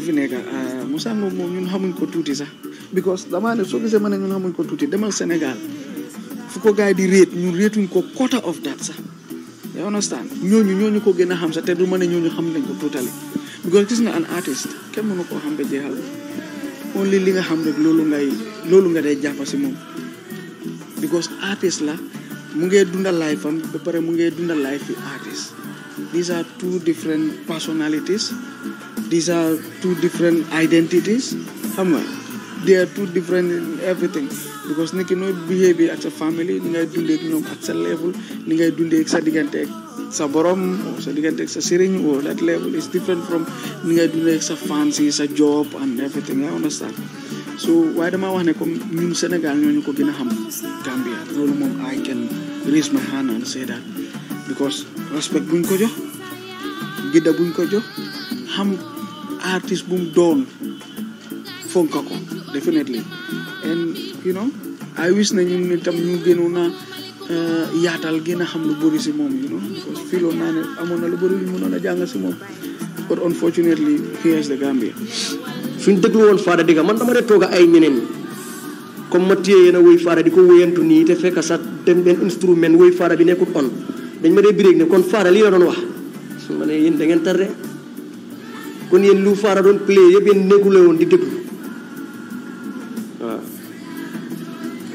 fi nekk eh, Moussa Ngom moom ñun xamuñ ko tuuti sax because damaa ne soo gisee ma ne ñun xamuñ ko tuuti demal Sénégal fu ko gars yi ñun réetuñ ko quota of that sax you understand ñooñu ñooñu ko gën a xam sa te du ma ne ñooñu xam nañ ko tuutali because gis nga an artist kenn mënu koo xam ba jeexal only li nga xam rek loolu ngay loolu nga day jàppa si moom because artist la mu ngee dunda life am ba pare mu ngee dunda life artist these are two different personalities these are two different identities xam nga they are two different in everything because niki no behavior behave a family ni ngay dundé ak ñom at sa level ni ngay dundé ak sa diganté ak sa borom sa diganté ak sa sëriñ or that level is different from ni ngay dundé ak sa fancy, sa job and everything you understand so why dama wax né comme ñun Sénégal ñooñu ko gëna xam Gambia lolu mom I can raise my hand and say that because respect buñ ko jox gida buñ ko jox xam artiste bu doon fonk ko definitely and you know I wish na ñu gënoon a uh, yaatal gën a xam lu bëri si moom you know because filoon naa ne amoon na lu bëri lu mënoon a jàng si moom but unfortunately here is the Gambia suñ déglu woon Fada Diga man dama de tooga ay ñeneen comme ma téye yéen woy Fada di ko wéyantu nii te fekk sax dem benn instrument woy Fada bi nekkut on dañ ma dee biréeg ne kon Fada lii la doon wax su ma ne yéen da ngeen tardé kon yéen lu Fada doon play yëpp yéen nekkule woon di déglu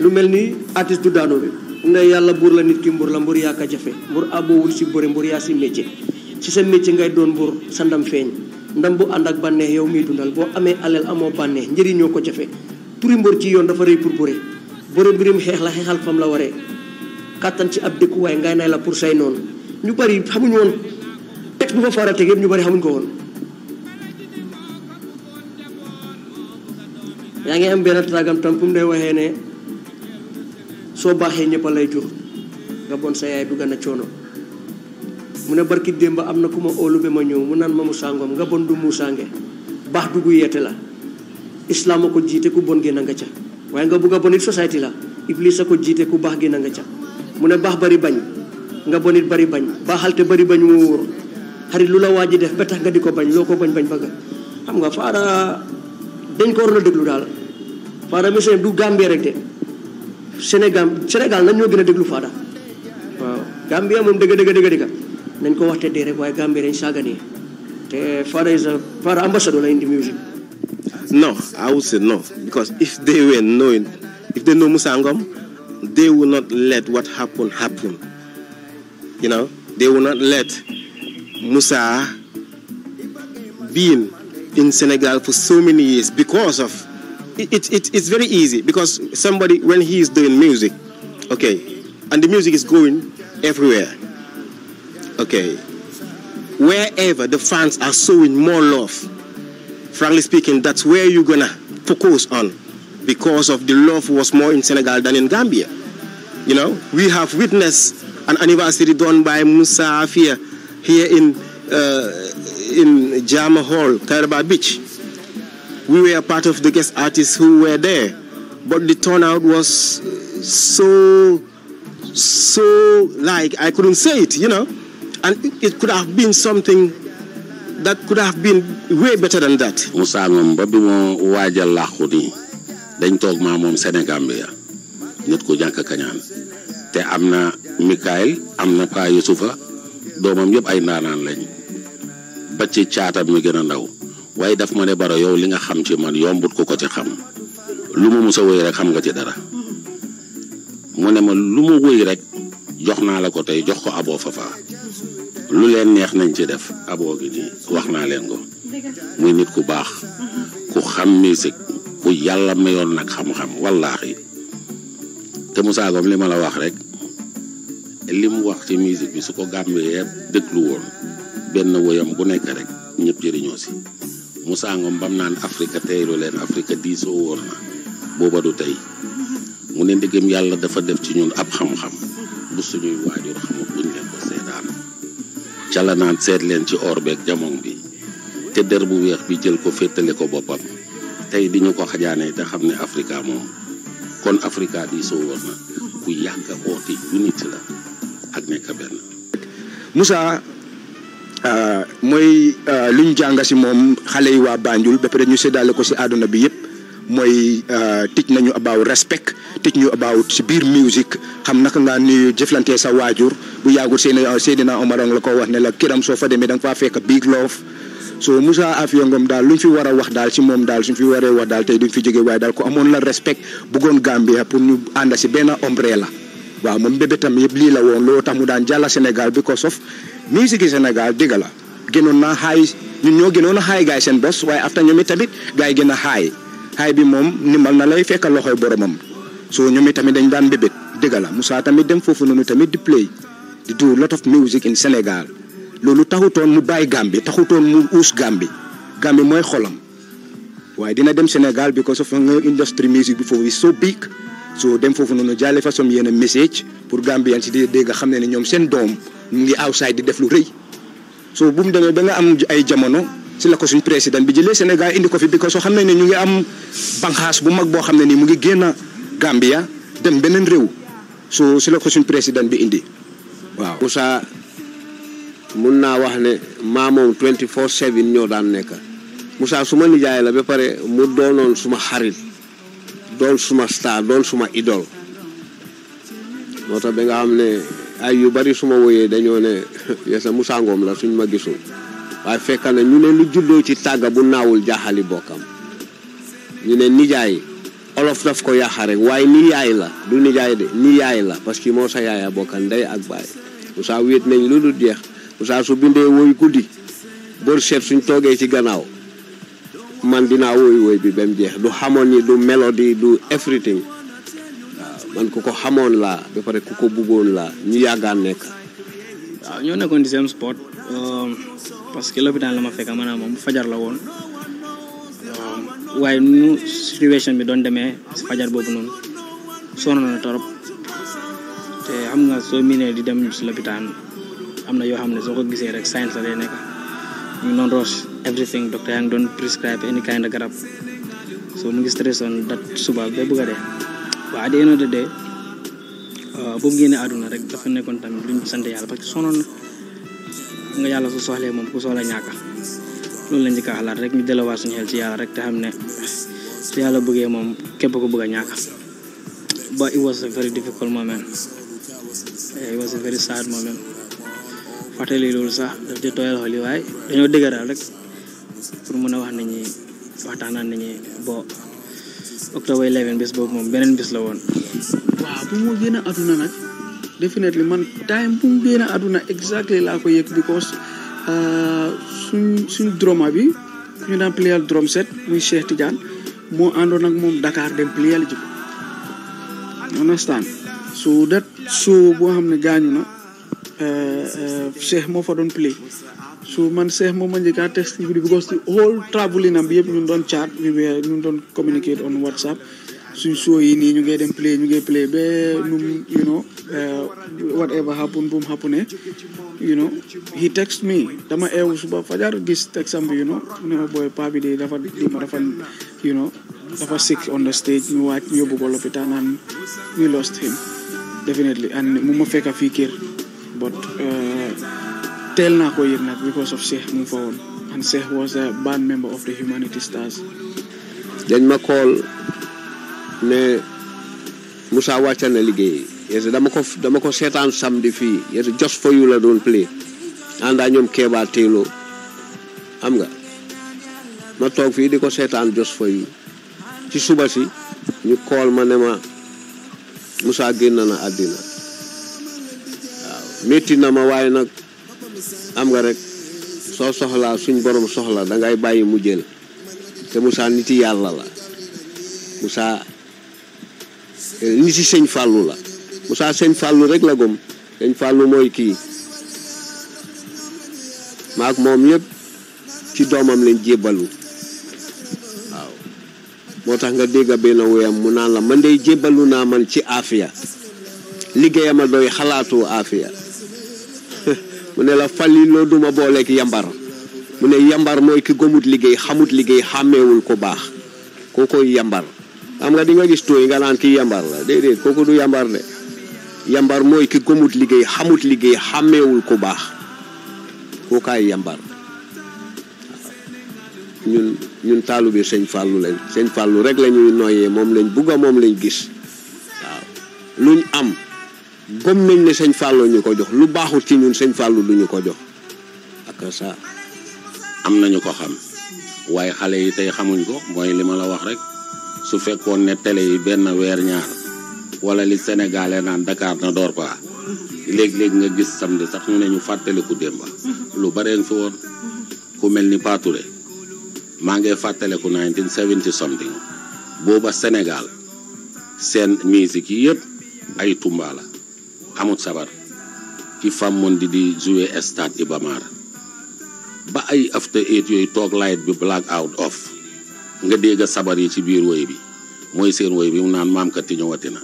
lu melni ni artiste du daano bi ne yalla bur la nit ki mbur la mbur yaa ka jafe mbur wul ci bëri mbur yaa si métier ci sa métier ngay doon bur sa ndam feeñ ndam bu ànd ak bànneex yow mi dundal bo amé alel amo bànneex njëriñoo ñoko jafé turi mbur ci yoon dafa reuy pour bëre bëre birim xex la xexal fam la waré katan ci ab way ngay nay la pour say non ñu bari ñu won tek bu fa ñu bari xamu ko won ya ngi am benn tragam tam fu mu day ne so baxé ñëpp lay jur nga bon sa yaay bu gëna a mu ne barki demba amna kuma olu be ma ñew mu nan ma mu nga bon du mu du gu yété la islam ko jité ku bon génn nga ca way nga bu society la iblis aku ko jité ku baax génn nga ca mu ne bax bari bañ nga bonit bari bañ baaxal te bari bañ mu wor xarit lula waji def ba tax nga di bañ loko bañ bañ baga xam nga faara dañ ko deglu dal faara monsieur du gambé rek de Sénégal Sénégal nag ñoo gën a déglu Fada waaw Gambia moom dëgg dëgg dëgg dëgg nañ ko waxte dee rek waaye Gambia dañ saaganee te Fada is a Fada ambassador la in the music No, I would say no because if they were knowing, if they know Musa Musangom, they will not let what happened happen. You know, they will not let Musa being in Senegal for so many years because of it, it, it's very easy because somebody, when he is doing music, okay, and the music is going everywhere, okay, wherever the fans are showing more love, frankly speaking, that's where you're gonna focus on because of the love was more in Senegal than in Gambia. You know, we have witnessed an anniversary done by Musa Afia here in uh, in Jama Hall, Kairaba Beach we were part of the guest artists who were there. But the turnout was so, so like I couldn't say it, you know. And it could have been something that could have been way better than that. ba bi dañ Sénégambia nit te Mikael Pa Yusufa ay lañ ba ci mi ndaw waaye daf ma ne bara yow li nga xam ci man yombut ku ko ci xam lu ma mës a rek xam nga ci dara mu ne ma lu ma wéy rek jox naa la ko tey jox ko aboo fafa lu leen neex nañ ci def aboo gi nii wax naa leen ko muy nit ku baax ku xam musique ku yàlla mayoon nag xam-xam wallaahi te Moussa Ngom li ma la wax rek li mu wax ci musique bi su ko gàmbee déglu woon benn woyam bu nekk rek ñépp jëriñoo si Moussa Ngom bam naan Afrika teylu len afrika diisoo wóor na booba du tay mu ne ndegam yalla dafa def ci ñun ab xam-xam bu suñuy xam bu ñu len ko seedaan ca la naan seet leen ci or beeg jamono bi te der bu wex bi jël ko fétalé ko bopam tay di ñu ko xajaane te xam afrika Africa kon afrika diisoo wóor na ku yàgg oote unité la ak nekk ben Moussa. Euh, Moy euh, liñ jàng si mom xale yi Banjul ba pare ñu séddale ko si àdduna bi yëpp mooy euh, tij nañu about respect tij ñu about si bir music xam nak nga nuyu jëflante sa waajur bu yaagul seen Seydina Omar la ko wax ne la kiram soo fa demee da nga fekk big love so musa Afia Ngum daal luñ fi war wax dal, si mom dal, suñ fi waree wax daal tey duñ fi jóge ko amoon la respect bëggoon Gambia pour ñu ànd si benn ombre mom moom tam yeb li la won lo tax mu daan jàlla Sénégal bi ko sof musique yi Sénégal dëgg la gënoon naa xaay ñoo gënoon a xaay gaay sen boss way afta ñoom tamit gaay gën hay hay bi moom nimal na lay fekk loxoy boromam so ñoom tamit dañ dan bébét digala musa tamit dem fofu noonu tamit di play di do lot of music in Sénégal loolu taxutoon mu bay Gambi taxutoon mu ous Gambi Gambi moy xolam way dina dem Sénégal because of industry music before is so big so dem fofu nonu jale fa yene message pour gambian ci nga xamné ni ñom sen dom ñu ngi outside di def lu reuy so bu mu demé ba nga am ay jamono ci la ko suñu président bi jëlé sénégal indi ko fi so xamné ni ñu ngi am bankhas bu mag bo xamné ni mu ngi génn gambia dem benen rew so ci la ko suñu président bi indi waaw Moussa mën na wax né maa moom 24 7 ñoo daan nekk Musa suma nijaay la ba pare mu doonon suma xarit Dol suma star dol suma idol Noto tax nga xam ne ay yu bari suma woyee dañoo ne yesa Moussa Ngom la suñ ma gisul waaye fekk na ñu ne lu juddoo ci tàgga bu naawul jaaxali bokkam ñu ne nijaay olof daf ko yaxa rek waaye ni yaay la du nijaay de ni yaay la parce que moo sa yaaya bokkan ak baay wéet nañ lu dul jeex su bindee woy guddi Bor seet suñ toogee ci gannaaw man dina woy woy bi ba mu jeex du xamoon ni du mélodie du everything waaw man ku ko xamoon laa ba pare ku ko bëggoon laa ñu yàggaan nekk waaw ñoo nekkoon di same sport um, parce lopitaan la ma fekk maanaam moom fajar la woon um, waaye nu situation bi doon demee fajar boobu noonu sonn na torop te xam nga soo miinee di dem si lopitaan am na yoo xam ne soo ko gisee rek science la day nekk ñu noonu roche everything dokter Yang don't prescribe any kind of garab so mungkin stress on dat suba ba bëgg a dee waa at the end of the day bu mu génnee àdduna rek dafa nekkoon tamit luñ sant yàlla parce que sonoon nga yàlla su soxlee moom ku soxla rek ñu delawaat suñu xel ci yàlla rek te xam ne su yàlla bëggee moom képp ko bëgg but it was a very difficult moment it was a very sad moment fatali loolu sax daf holi, tooyal xol yi waaye rek pour mën wax nañi ñi nañi bo ñi octobre 11 bis bobu mom benen bis la won waaw bu mu gëna aduna nak definitely man time bu mu gëna aduna exactly la ko yek because euh suñ suñ drama bi ñu daan playal drum set muy Cheikh Tidiane mo àndoon nak mom Dakar dem playal ji ko. understand so that so boo xam ne gaañu euh, euh Cheikh mo fa doon play so man cheikh moman jega text you because the whole trouble in bi yep ñun don chat bi bi ñun don communicate on whatsapp suñ show yi ni ñu ngi dem play ñu ngi play be num you know uh, whatever happen boom happen eh? you know he text me dama ew eh, suba fajar gis text am you know no boy pa bi de dafa ma dafa you know dafa sick on the stage ñu wacc ñu yobbu ko l'hôpital and we lost him definitely and mu ma fekk kër but uh, teel naa ko yëg nag because of Cheikh mu ngi fa woon and Cheikh was a band member of the Humanity Stars. dañ ma kool ne Moussa wàcca na liggéey yeesu dama ko dama ko seetaan samedi fii yeesu just for you la doon play ànd ak ñoom Kéba Télo xam nga ma toog fii di ko seetaan just for you ci suba si ñu kool ma ne ma Moussa génn na àddina waaw na ma waaye nag. am nga rek so soxla suñ borom soxla da ngay bayyi mu jël te Moussa nit yi yàlla la Moussa eh, ni ci sëñ fàllu la Moussa sëñ fàllu rek la gom sëñ fàllu moy ki mak mom yeb ci domam lañu jébbalu waaw motax nga bénn mu naan la man day na man ci afia liggéeyama doy xalaatu afia mu ne la faliloo duma booleeg yambar mu ne yambar mooy ki gëmut liggéey xamut liggéey xàmmewul ko baax kookoy yambar am nga di nga gis tooy nga naan kii yambar la déedéet kooku du yambar de yambar mooy ki gëmut liggéey xamut liggéey xàmmeewul ko baax kookaay yambar ñun ñun taalu bi sëñ Fallou lañ sëñ rek la ñuy moom lañ bugg a moom lañ gis waaw luñ am comme nañ ne sëñ Fallou ñu ko jox lu baaxul ci ñun sëñ fàllu du ko jox ak ça am nañu ko xam waaye xale yi tey xamuñ ko mooy li ma la wax rek su fekkoon ne tele yi benn weer ñaar wala li sénégalais naan Dakar na door quoi léegi nga gis samedi tax ñu ne ñu fàttaliku démba lu bareen fi woon ku mel ni Patouré maa ngi fàttaliku 1970 something booba Sénégal seen musique yi yëpp ay Tumba la amut sabar ci fàmmoon di di jouer stade Iba Mar ba ay after eight yooyu toog light bi black out off nga dégg sabar yi ci biir woy bi mooy seen woy bi mu naan maam kat ti na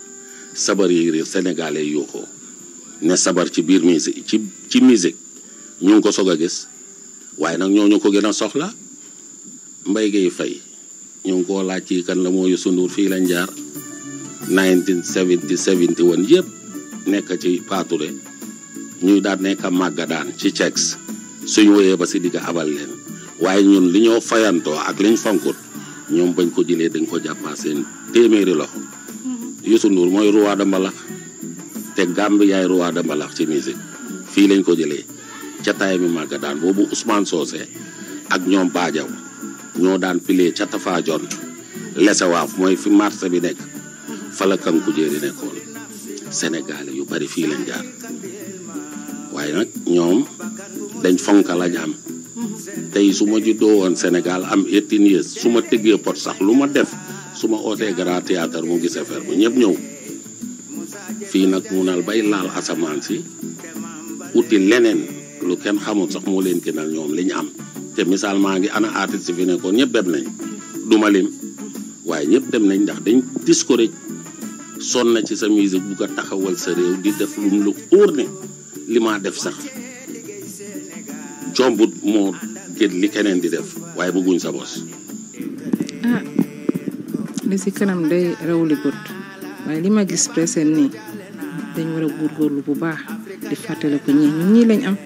sabar yi réer sénégalais yuuxoo ne sabar ci biir musique ci ci musique ñu ngi ko soog a gis waaye nag ñooñu ko gën a soxla mbay gay fay ñu ngi koo laaj ci kan la mooy Youssou fii lañ jaar 1970 71 yëpp nekk ci paatu Faatoure ñuy daan nekk màggadaan ci ceeks suñ woyee ba si digg abal leen waaye ñun li ñoo fayantoo ak liñ fonkut ñoom bañ ko jëlee dañ ko jàppaa seen téeméeri loxo mm-hmm. Youssou Ndour mooy roi mbalax te Gambie yaay roi mbalax ci musique fii lañ ko jëlee ca taay mi màggadaan boobu Ousmane soose ak ñoom baajaw ñoo daan pilee ca Tafa Jont lesewaaf mooy fi marché bi nekk fa la kanku jéeri nekkoon sénégalais yu bari fii lañ jaar waaye nag ñoom dañ fonka lañ am tey su ma juddoo woon Sénégal am eighteen years su ma tëggee pot sax lu ma def su ma ootee grand théâtre mu gis affaire bu ñëpp ñëw fii nag mu nal bay laal asamaan si uti leneen lu kenn xamul sax mu leen gënal ñoom li ñu am te misaal maa ngi ana artiste fi nekkoon ñëpp dem nañ duma lim waaye ñëpp dem nañ ndax dañ discourage sonn na ci sa musique bu ko taxawal sa réew di def lu mu la óor ne li maa def sax jombut moo gën li keneen di def waaye bëgguñ sa bos ah li si kanam day rawli gott waaye li ma gis present nii dañ war a góor góorgóorlu bu baax di fàttaliku ñi ñun ñii lañ am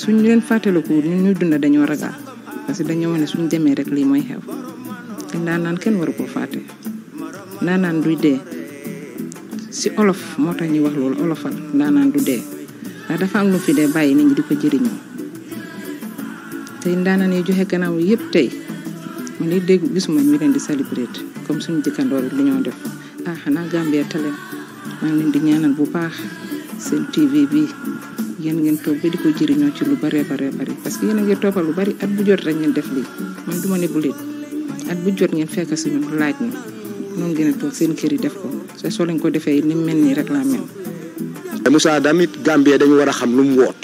suñ leen fàttaliku ñun ñu dund dañoo ragal parce que dañoo wane suñ demee rek li mooy xew dañ daan naan kenn waru koo fàtte ndaanaan duy dee si olof moo tax ñu wax loolu olofal ndaanaan du dee ndax dafa am lu fi dee bàyyi nit ñi di ko jëriñoo tey ndaanaan yi joxe gannaaw yépp tey man ni dégg gisuma ñu leen di célébrer comme suñu dëkkandoor li ñoo def ah xanaa Gambia Talents maa ngi leen di ñaanal bu baax seen TV bi yéen ngeen toog ba di ko jëriñoo ci lu bare bare bari parce que yéen a ngi toppal lu bari at bu jot rek ngeen def lii man duma ne bu leen at bu jot ngeen fekk suñu laaj ñu noonu gën a toog seen kër yi def ko te soo leen ko defee ni mu mel nii rek laa mel. E Moussa tamit Gambie dañu war a xam lu mu woot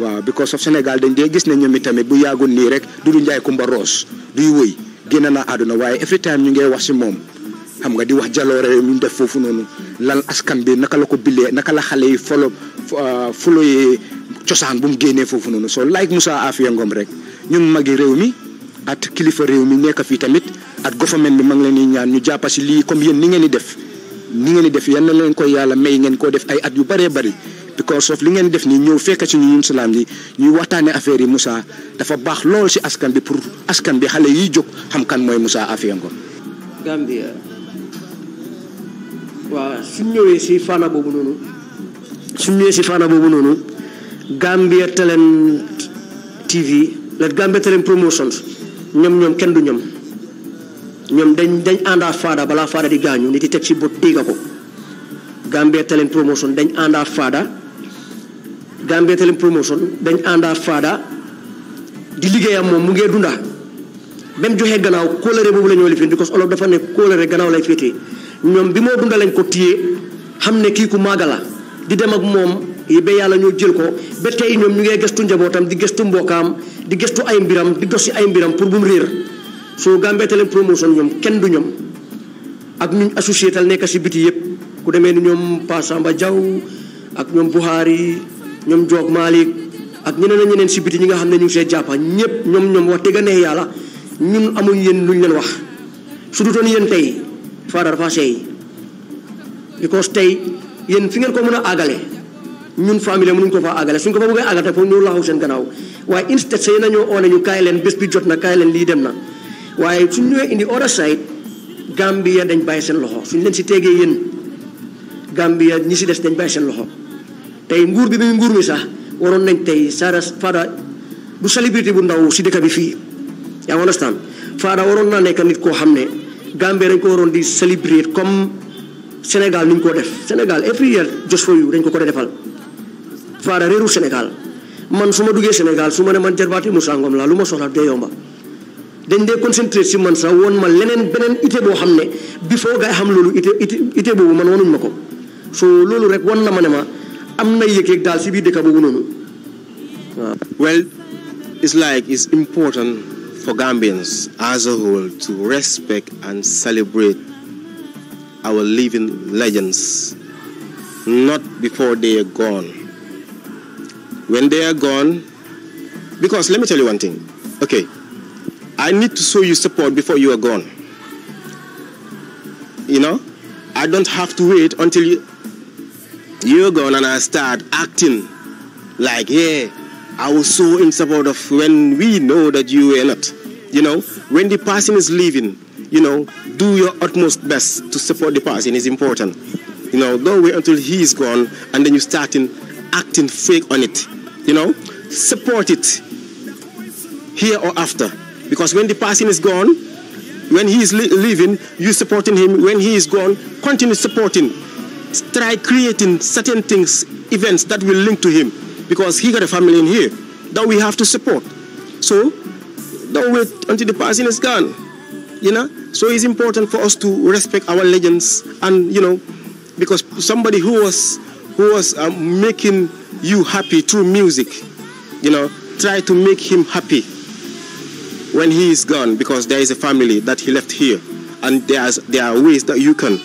waaw because of Sénégal dañ dee gis ne ñoom tamit bu yàggul nii rek Dudu Njaay Kumba Roos duy wëy génn na àdduna waaye every time ñu ngay wax si moom. xam nga di wax jaloore ñu def foofu noonu lan askan bi naka la ko bilee naka la xale yi folo foloyee ah, cosaan bu mu génnee foofu noonu soo like Moussa Afia Ngum rek ñun magi réew mi at kilifa réew mi nekk fii tamit ak government bi ma ngi leen di ñaan ñu jàppa si lii comme yéen ni ngeen di def ni ngeen di def yal na leen ko yàlla may ngeen koo def ay at yu bare bëri because of li ngeen def ni ñëw fekk ci ñun salaam yi ñuy waxtaane affaire yi Moussa dafa baax lool si askan bi pour askan bi xale yi jóg xam kan mooy Moussa Afia Ngum Gambia waaw su ñëwee si fana boobu noonu su ñëwee si fana boobu noonu Gambia Talent TV la Gambia Talent Promotions ñoom ñoom kenn du ñoom ñom dañ dañ anda fada bala fada di gañu nit ci diga ko Gambia Talent Promotion dañ anda fada, Gambia Talent Promotion dañ anda fada, di am mom mu ngey dunda bem joxe gannaaw kóolare bobu lañu ñoo diko because dafa ne kóolare gannaaw lay fété ñom bi mo dunda lañ ko téye xamné ki ku magala, di dem ak mom yi be yalla ñu jël ko be tay ñom ñu ngey gestu njabotam di gestu mbokam di gestu ay mbiram di gëstu ay mbiram pour bu mu soo Gambia Talents Promotion ñoom kenn du ñoom ak ñu associé tal nekk si biti yëpp ku demee ni ñoom Pa ba Jaw ak ñoom Buhari ñoom Joog Malik ak ñeneen ak ñeneen si biti ñi nga xam ne ñu ngi see jàppa ñëpp ñoom ñoom wax dëgg neex yàlla ñun amuñ yéen luñ leen wax su dutoon yéen tey Fada dafa seey tey yéen fi ngeen ko mën a àggale ñun famille suñ ko fa bëggee àggale te pour ñu laxaw seen gannaaw waaye instead sa yéen ñoo oone ñu kaay leen bés bi jot na kaay leen lii dem na waaye suñ ñëwee indi other side Gambia dañ bàyyi seen loxo suñ leen si tegee yéen Gambia ñi si des dañ bàyyi seen loxo tey nguur bi muy nguur mi sax waroon nañ tey Sada Fada du célébrité bu ndaw si dëkk bi fii yaa ngi understand Fada waroon naa nekk nit koo xam ne Gambia dañ ko waroon di célébrer comme Sénégal ni ko def Sénégal every year just for you dañ ko ko defal Fada réeru Sénégal man su ma duggee Sénégal su ma ne man jarbaati mu Ngom laa lu ma soxla dee yomba dañ dee concentré si man sax woon ma leneen beneen ité boo xam ne before gaa yi xam loolu ité ité ité boobu man wanuñ ma ko so loolu rek wan na ma ne ma am na yeg daal si biir dëkk boobu noonu waaw. well it's like it's important for Gambians as a whole to respect and celebrate our living legends not before they are gone when they are gone because let me tell you one thing okay I need to show you support before you are gone. You know, I don't have to wait until you, you're gone and I start acting like, yeah, I was so in support of when we know that you are not. You know, when the person is leaving, you know, do your utmost best to support the person is important. You know, don't wait until he is gone and then you start in acting fake on it. You know, support it here or after. Because when the person is gone, when he is leaving, you supporting him. When he is gone, continue supporting. Try creating certain things, events that will link to him. Because he got a family in here that we have to support. So don't wait until the person is gone. You know? So it's important for us to respect our legends and you know, because somebody who was who was um, making you happy through music, you know, try to make him happy when he is gone, because there is a family that he left here, and there's, there are ways that you can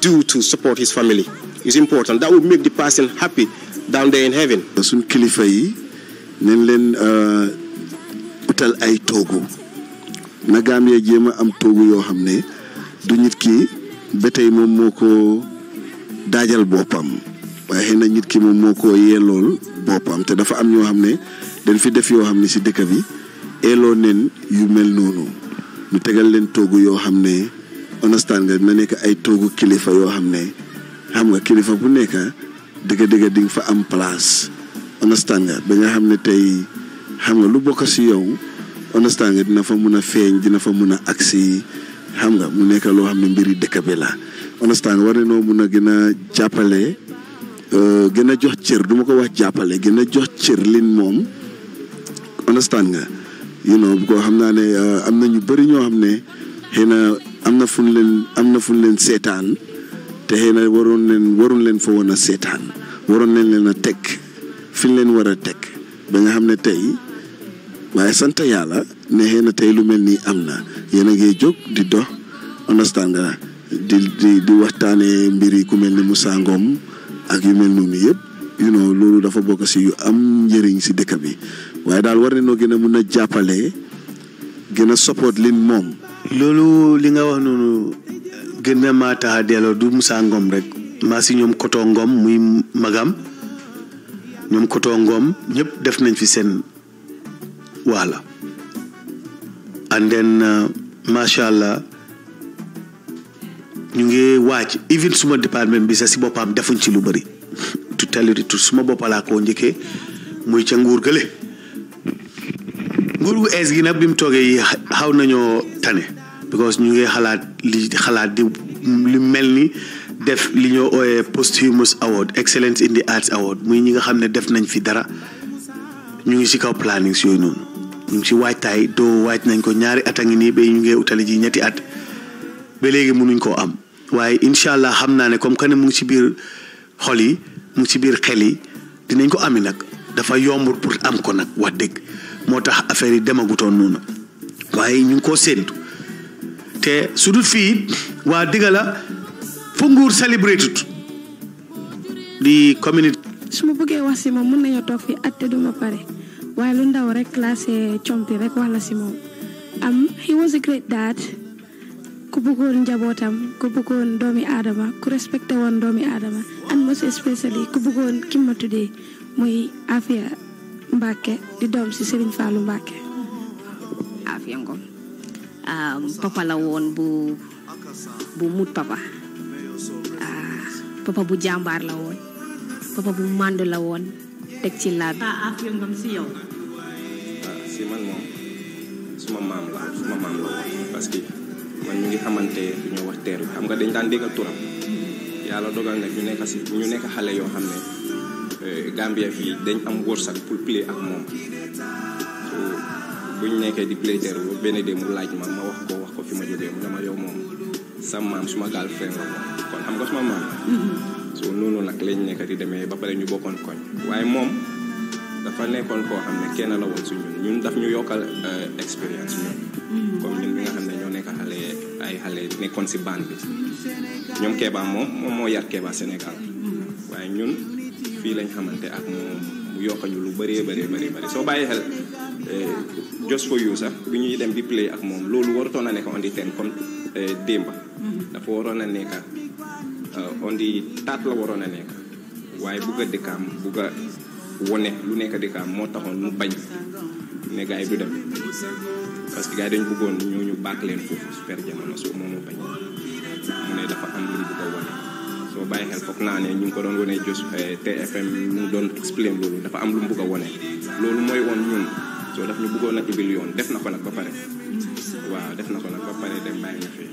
do to support his family. It's important. That will make the person happy down there in heaven. suñ kilifa yi nañ leen uh, utal ay toogu na gaam yee jéem a am toogu yoo xam ne du nit ki ba tey moom moo ko daajal boppam waaye xëy na nit ki moom moo ko yeelool boppam te dafa am ñoo xam ne dañ fi def yoo xam ne si dëkk bi. eeloo nen yu mel noonu ñu tegal leen toogu yoo xam ne understand nga dina nekk ay toogu kilifa yoo xam ne xam nga kilifa bu nekk dëgg dëgg di nga fa am place understand nga ba nga xam ne tey xam nga lu bokk si yow understand nga dina fa mun a feeñ dina fa mun a agsi xam nga mu nekk loo xam ne mbiri dëkk bi la understand nga war noo mun a gën a jàppale euh, gën a jox cër du ma ko wax jàppale gën a jox cër lin moom understand nga you know bu ko xam naa ne uh, am na ñu bëri ñoo xam ne xëy am na fuñ leen am na fuñ leen seetaan te xëy waroon leen waroon leen fa woon a seetaan waroon leen leen a teg fi ñu leen war a teg ba nga xam ne tey waaye sant yàlla ne xëy na tey lu mel nii am na yéen a ngi jóg di dox understand nga di di di waxtaanee mbir yi ku mel ni Moussa Ngom ak yu mel noonu yëpp you know loolu dafa bokk si yu am njëriñ si dëkk bi waaye daal war nañoo gën a mun a jàppale gën a support lin moom. loolu li nga wax noonu gën na maa tax delloo du Musa Ngom rek maa si ñoom Koto ngoom muy magam ñoom Koto Ngom ñëpp def nañ fi seen waala and then uh, macha allah ñu ngi waaj even suma département bi sax si boppam defuñ ci lu bëri tu tell suma bopp laa koo njëkkee muy ca nguur gële nguur gu ees gi nag bi mu toogee xaw nañoo tane because ñu ngi xalaat li xalaat di lu mel ni def li ñoo ooyee posthumous award excellence in the arts award muy ñi nga xam ne def nañ fi dara ñu ngi si kaw plannings yooyu noonu ñu ngi si waajtaay doo waaj nañ ko ñaari at a ngi nii ba ñu ngi utali ji ñetti at ba léegi nuñ koo am waaye incha allah xam naa ne comme que ne mu ngi si biir xol yi mu ngi si biir xel yi dinañ ko ami nag dafa yombul pour am ko nag wax dëgg moo tax affaire yi demagutoon noonu waaye ñu ngi koo séentu te su dul fii waa digga la fu nguur célébré tut di communauté. su ma bëggee wax si moom mun nañoo toog fii at te duma pare waaye lu ndaw rek classé compi rek wax la si moom am he was a great dad ku bëggoon njabootam ku bëggoon doomi aadama ku respecté woon doomi aadama and most especially ku bëggoon ki ma tuddee muy affaire mbake di dom ci Serigne Fallou Mbacke. Afia ah, Ngom ah, papa la won bu bu mut papa ah, papa bu jambar la won papa bu màndu la won tek ci laat. ah Afia Ngom si yow. ci man moom suma mam la suma mam la woon parce que man ñu ngi xamanté ñu wax teer xam nga dañ daan dégal turam yalla dogal nak ñu nekk si ñu nekk xalé yo xamné Euh, Gambia fii dañ am wërsag pour play ak moom so buñ nekkee di play teer benn dee mu laaj ma ma wax ko wax ko fi ma jógee mu ne ma yow moom sa maam suma gaal fen la moom kon xam mm-hmm. nag lañ nekk di demee ba pare ñu bokkoon koñ waaye moom dafa nekkoon koo xam ne kenn la woon su ñun daf ñu yokkal euh, expérience ñun mm-hmm. comme ñun bi nga xam ne ñoo nekka xale ay xale nekkoon si baan bi ñoom Kéba moom moom moo yar Kéba Sénégal mm-hmm. waaye ñun fi lañ xamante ak mu yokk ñu lu bëree bëree bëri bëri soo bàyyi xel eh, just for you sax bi ñuy dem di play ak moom loolu warutoon a nekk on di ten kon eh, démba dafa waroon a nekk eh, on di taat la waroon a nekk waaye bugg a dëkkaam bugg a wone lu nekk dëkkaam moo taxoon mu bañ ne gaay yi du dem parce que gaay dañ bëggoon ñu bàkk leen foofu super jamono su moom mu bañ mu ne dafa am lu mu bugg a wone boo bàyyi xel foog naa ne ñu ngi ko doon wane jos eh, TFM mu doon explain loolu dafa am lu mu bëgg a wane loolu mooy woon ñun soo daf bëggoon a ibil yoon def na ko nag ba waaw def na ko nag ba pare dem bàyyi na fii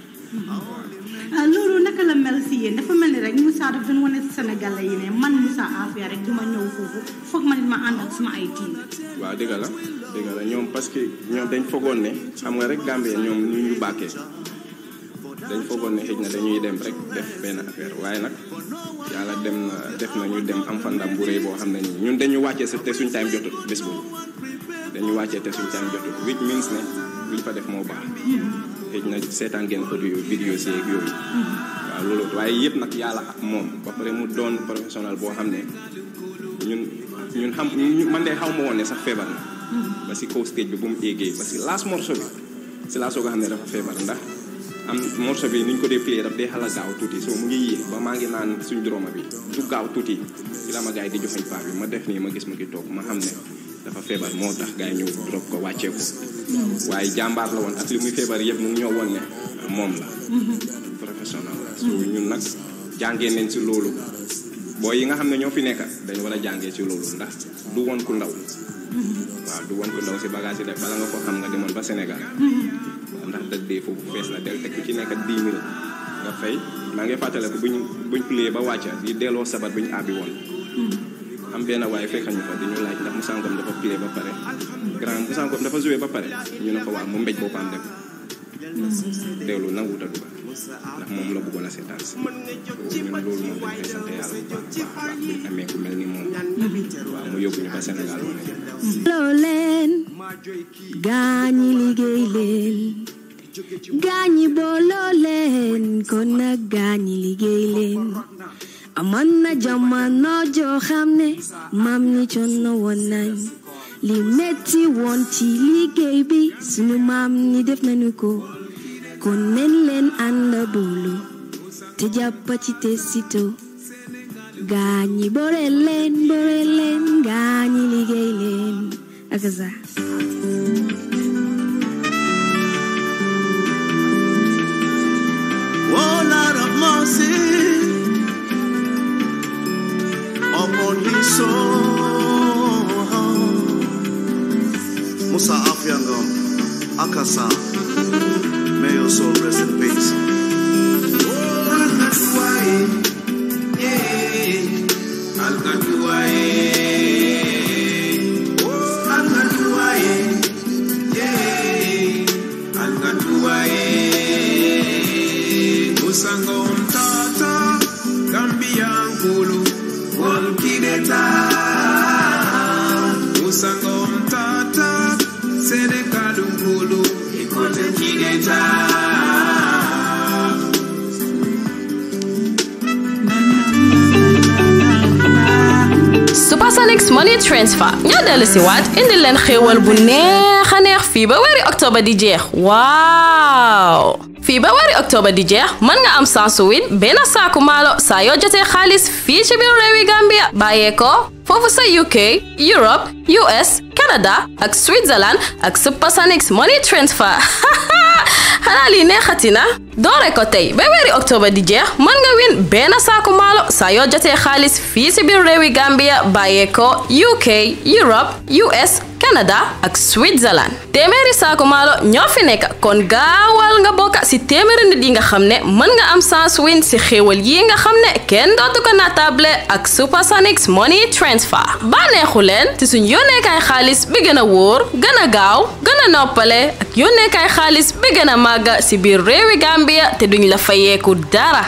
ah, loolu naka la mel dafa mel ni rek Moussa daf doon senegal Sénégalais yi ne man Moussa Afia rek duma ñëw foofu foog ma nit ma ànd ak sama ay tiim waaw dëgg la dëgg la ñoom parce que ñoom dañ foogoon ne xam nga rek Gambie ñoom ñu ñu bàkkee dañ foogoon ne xëj na dañuy dem rek def benn affaire waaye nag yàlla dem na def na ñu dem am fa ndam rëy boo xam ne nii ñun dañu wàccee te suñ time jotut bés boobu dañu wàccee te suñ time jotut which means ne li fa def moo baax xëj na seetaan ngeen audio vidéo si ak yooyu waaye yëpp nag yàlla moom ba pare mu doon professionnel boo xam ne ñun ñun xam man de xaw ma woon ne sax feebar na ba si kaw stage bi bu mu éegee parce que last morceau bi si laa soog feebar ndax am morso bi ni ñu ko dee play daf dee xala gaaw tuuti soo mu ngi yéex ba maa ngi naan suñ droma bi du gaaw tuuti ci la ma gars yi di joxeñ paar bi ma def nii ma gis ma ngi toog ma xam ne dafa feebar moo tax gars yi ñëw drop ko wàccee ko waaye jàmbaar la woon ak li muy feebar yëpp mu ngi ñoo woon ne moom la professionnel la so ñun nag jàngee nañ si loolu boo yi nga xam ne ñoo fi nekk dañ war a jàngee si loolu ndax du woon ku ndaw waa du won ku ndaw si bagage yi def nga ko xam nga demoon ba Sénégal ndax dëkk bi foofu fees na del te ku ci nekk dix mille nga fay maa ngi fàttale ko buñ buñ plie ba wàcca di delloo sabar buñ àbbi woon hmm. am benn waaye fekk ñu fa dañu ba pare grand Moussa Ngom dafa ba pare ñu ne ko waaw mu mbéj boppam dem hmm. dellu nangu ta dugal ndax la bëggoon a seetaan si ñun loolu moom dañ koy sant yàlla bu baax a baax buñ amee ni moom waaw mu yóbbu ñu ba Sénégal moo nekk loo leen gaañi liggéey leen Gani bololen, leen kon nag gaañi liggéey leen amoon na jamono joo xam ne ñi coono woon nañ li metti ci liggéey bi suñu mam ñi def nañu ko kon nen leen ànd boolu te jàpp ci te sito gaañi boole leen boole leen gaañi liggéey leen ak mercy upon his soul. Musa Afyangam, Akasa, may your soul rest in peace. yeah. kusanga umtata kambi yankulu wolkideta kusanga umtata serekalunkulu ikotekideta سوباسونيكس موني ترانسفير نيا دال سيوات ان لن خيوال بنيخ نيخ في بواري اكتوبر دي جيخ واو fii ba wari octobre di jeex mën nga am sansuwit benn saaku maalo saa yoo jotee xaalis Gambia bàyyee ko foofu sa UK Europe US Canada Switzerland ak Supersonic money transfer xanaa lii neexati na doore ko tey ba weeri octobre di jeex mën nga win benn saaku maalo saa yoo jotee xaalis fii si biir réewi Gambia bàyyee ko UK Europe US Canada ak Switzerland téeméeri saaku maalo ñoo fi nekk kon gaawal nga bokka si téeméeri nit yi nga xam ne mën nga am sans win si xéewal yi nga xam ne kenn dootu ko naatable ak Supersonics Money Transfer bànneexu leen ci suñ yónneekaay xaalis bi gën a wóor gën a gaaw gën noppale ak yónneekaay xaalis maaga si bir réewi Gambia te duñ la fayeeku dara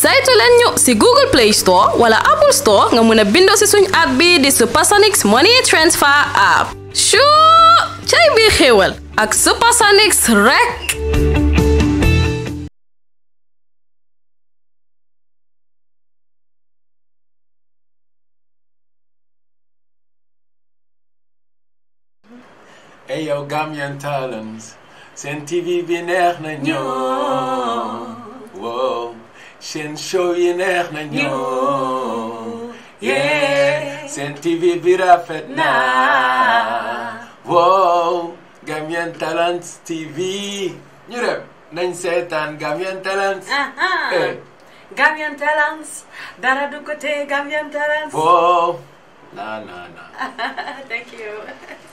saytu leen si Google Play Store wala Apple Store nga mëna bindo ci si suñ app bi di Supersonix Money Transfer app shu chay bi xewal ak Supersonix rek Hey, yo, Gambian Talents. seen TV bi neex na ñoom wow seen show yi neex na ñoom yeah seen TV bi rafet na wow Gambian Talents TV ñu dem nañ seetaan Gambian Talents. Uh-huh. Eh. Gambian Talents dara du ko tee Gambian Talents. wow na na na. thank you.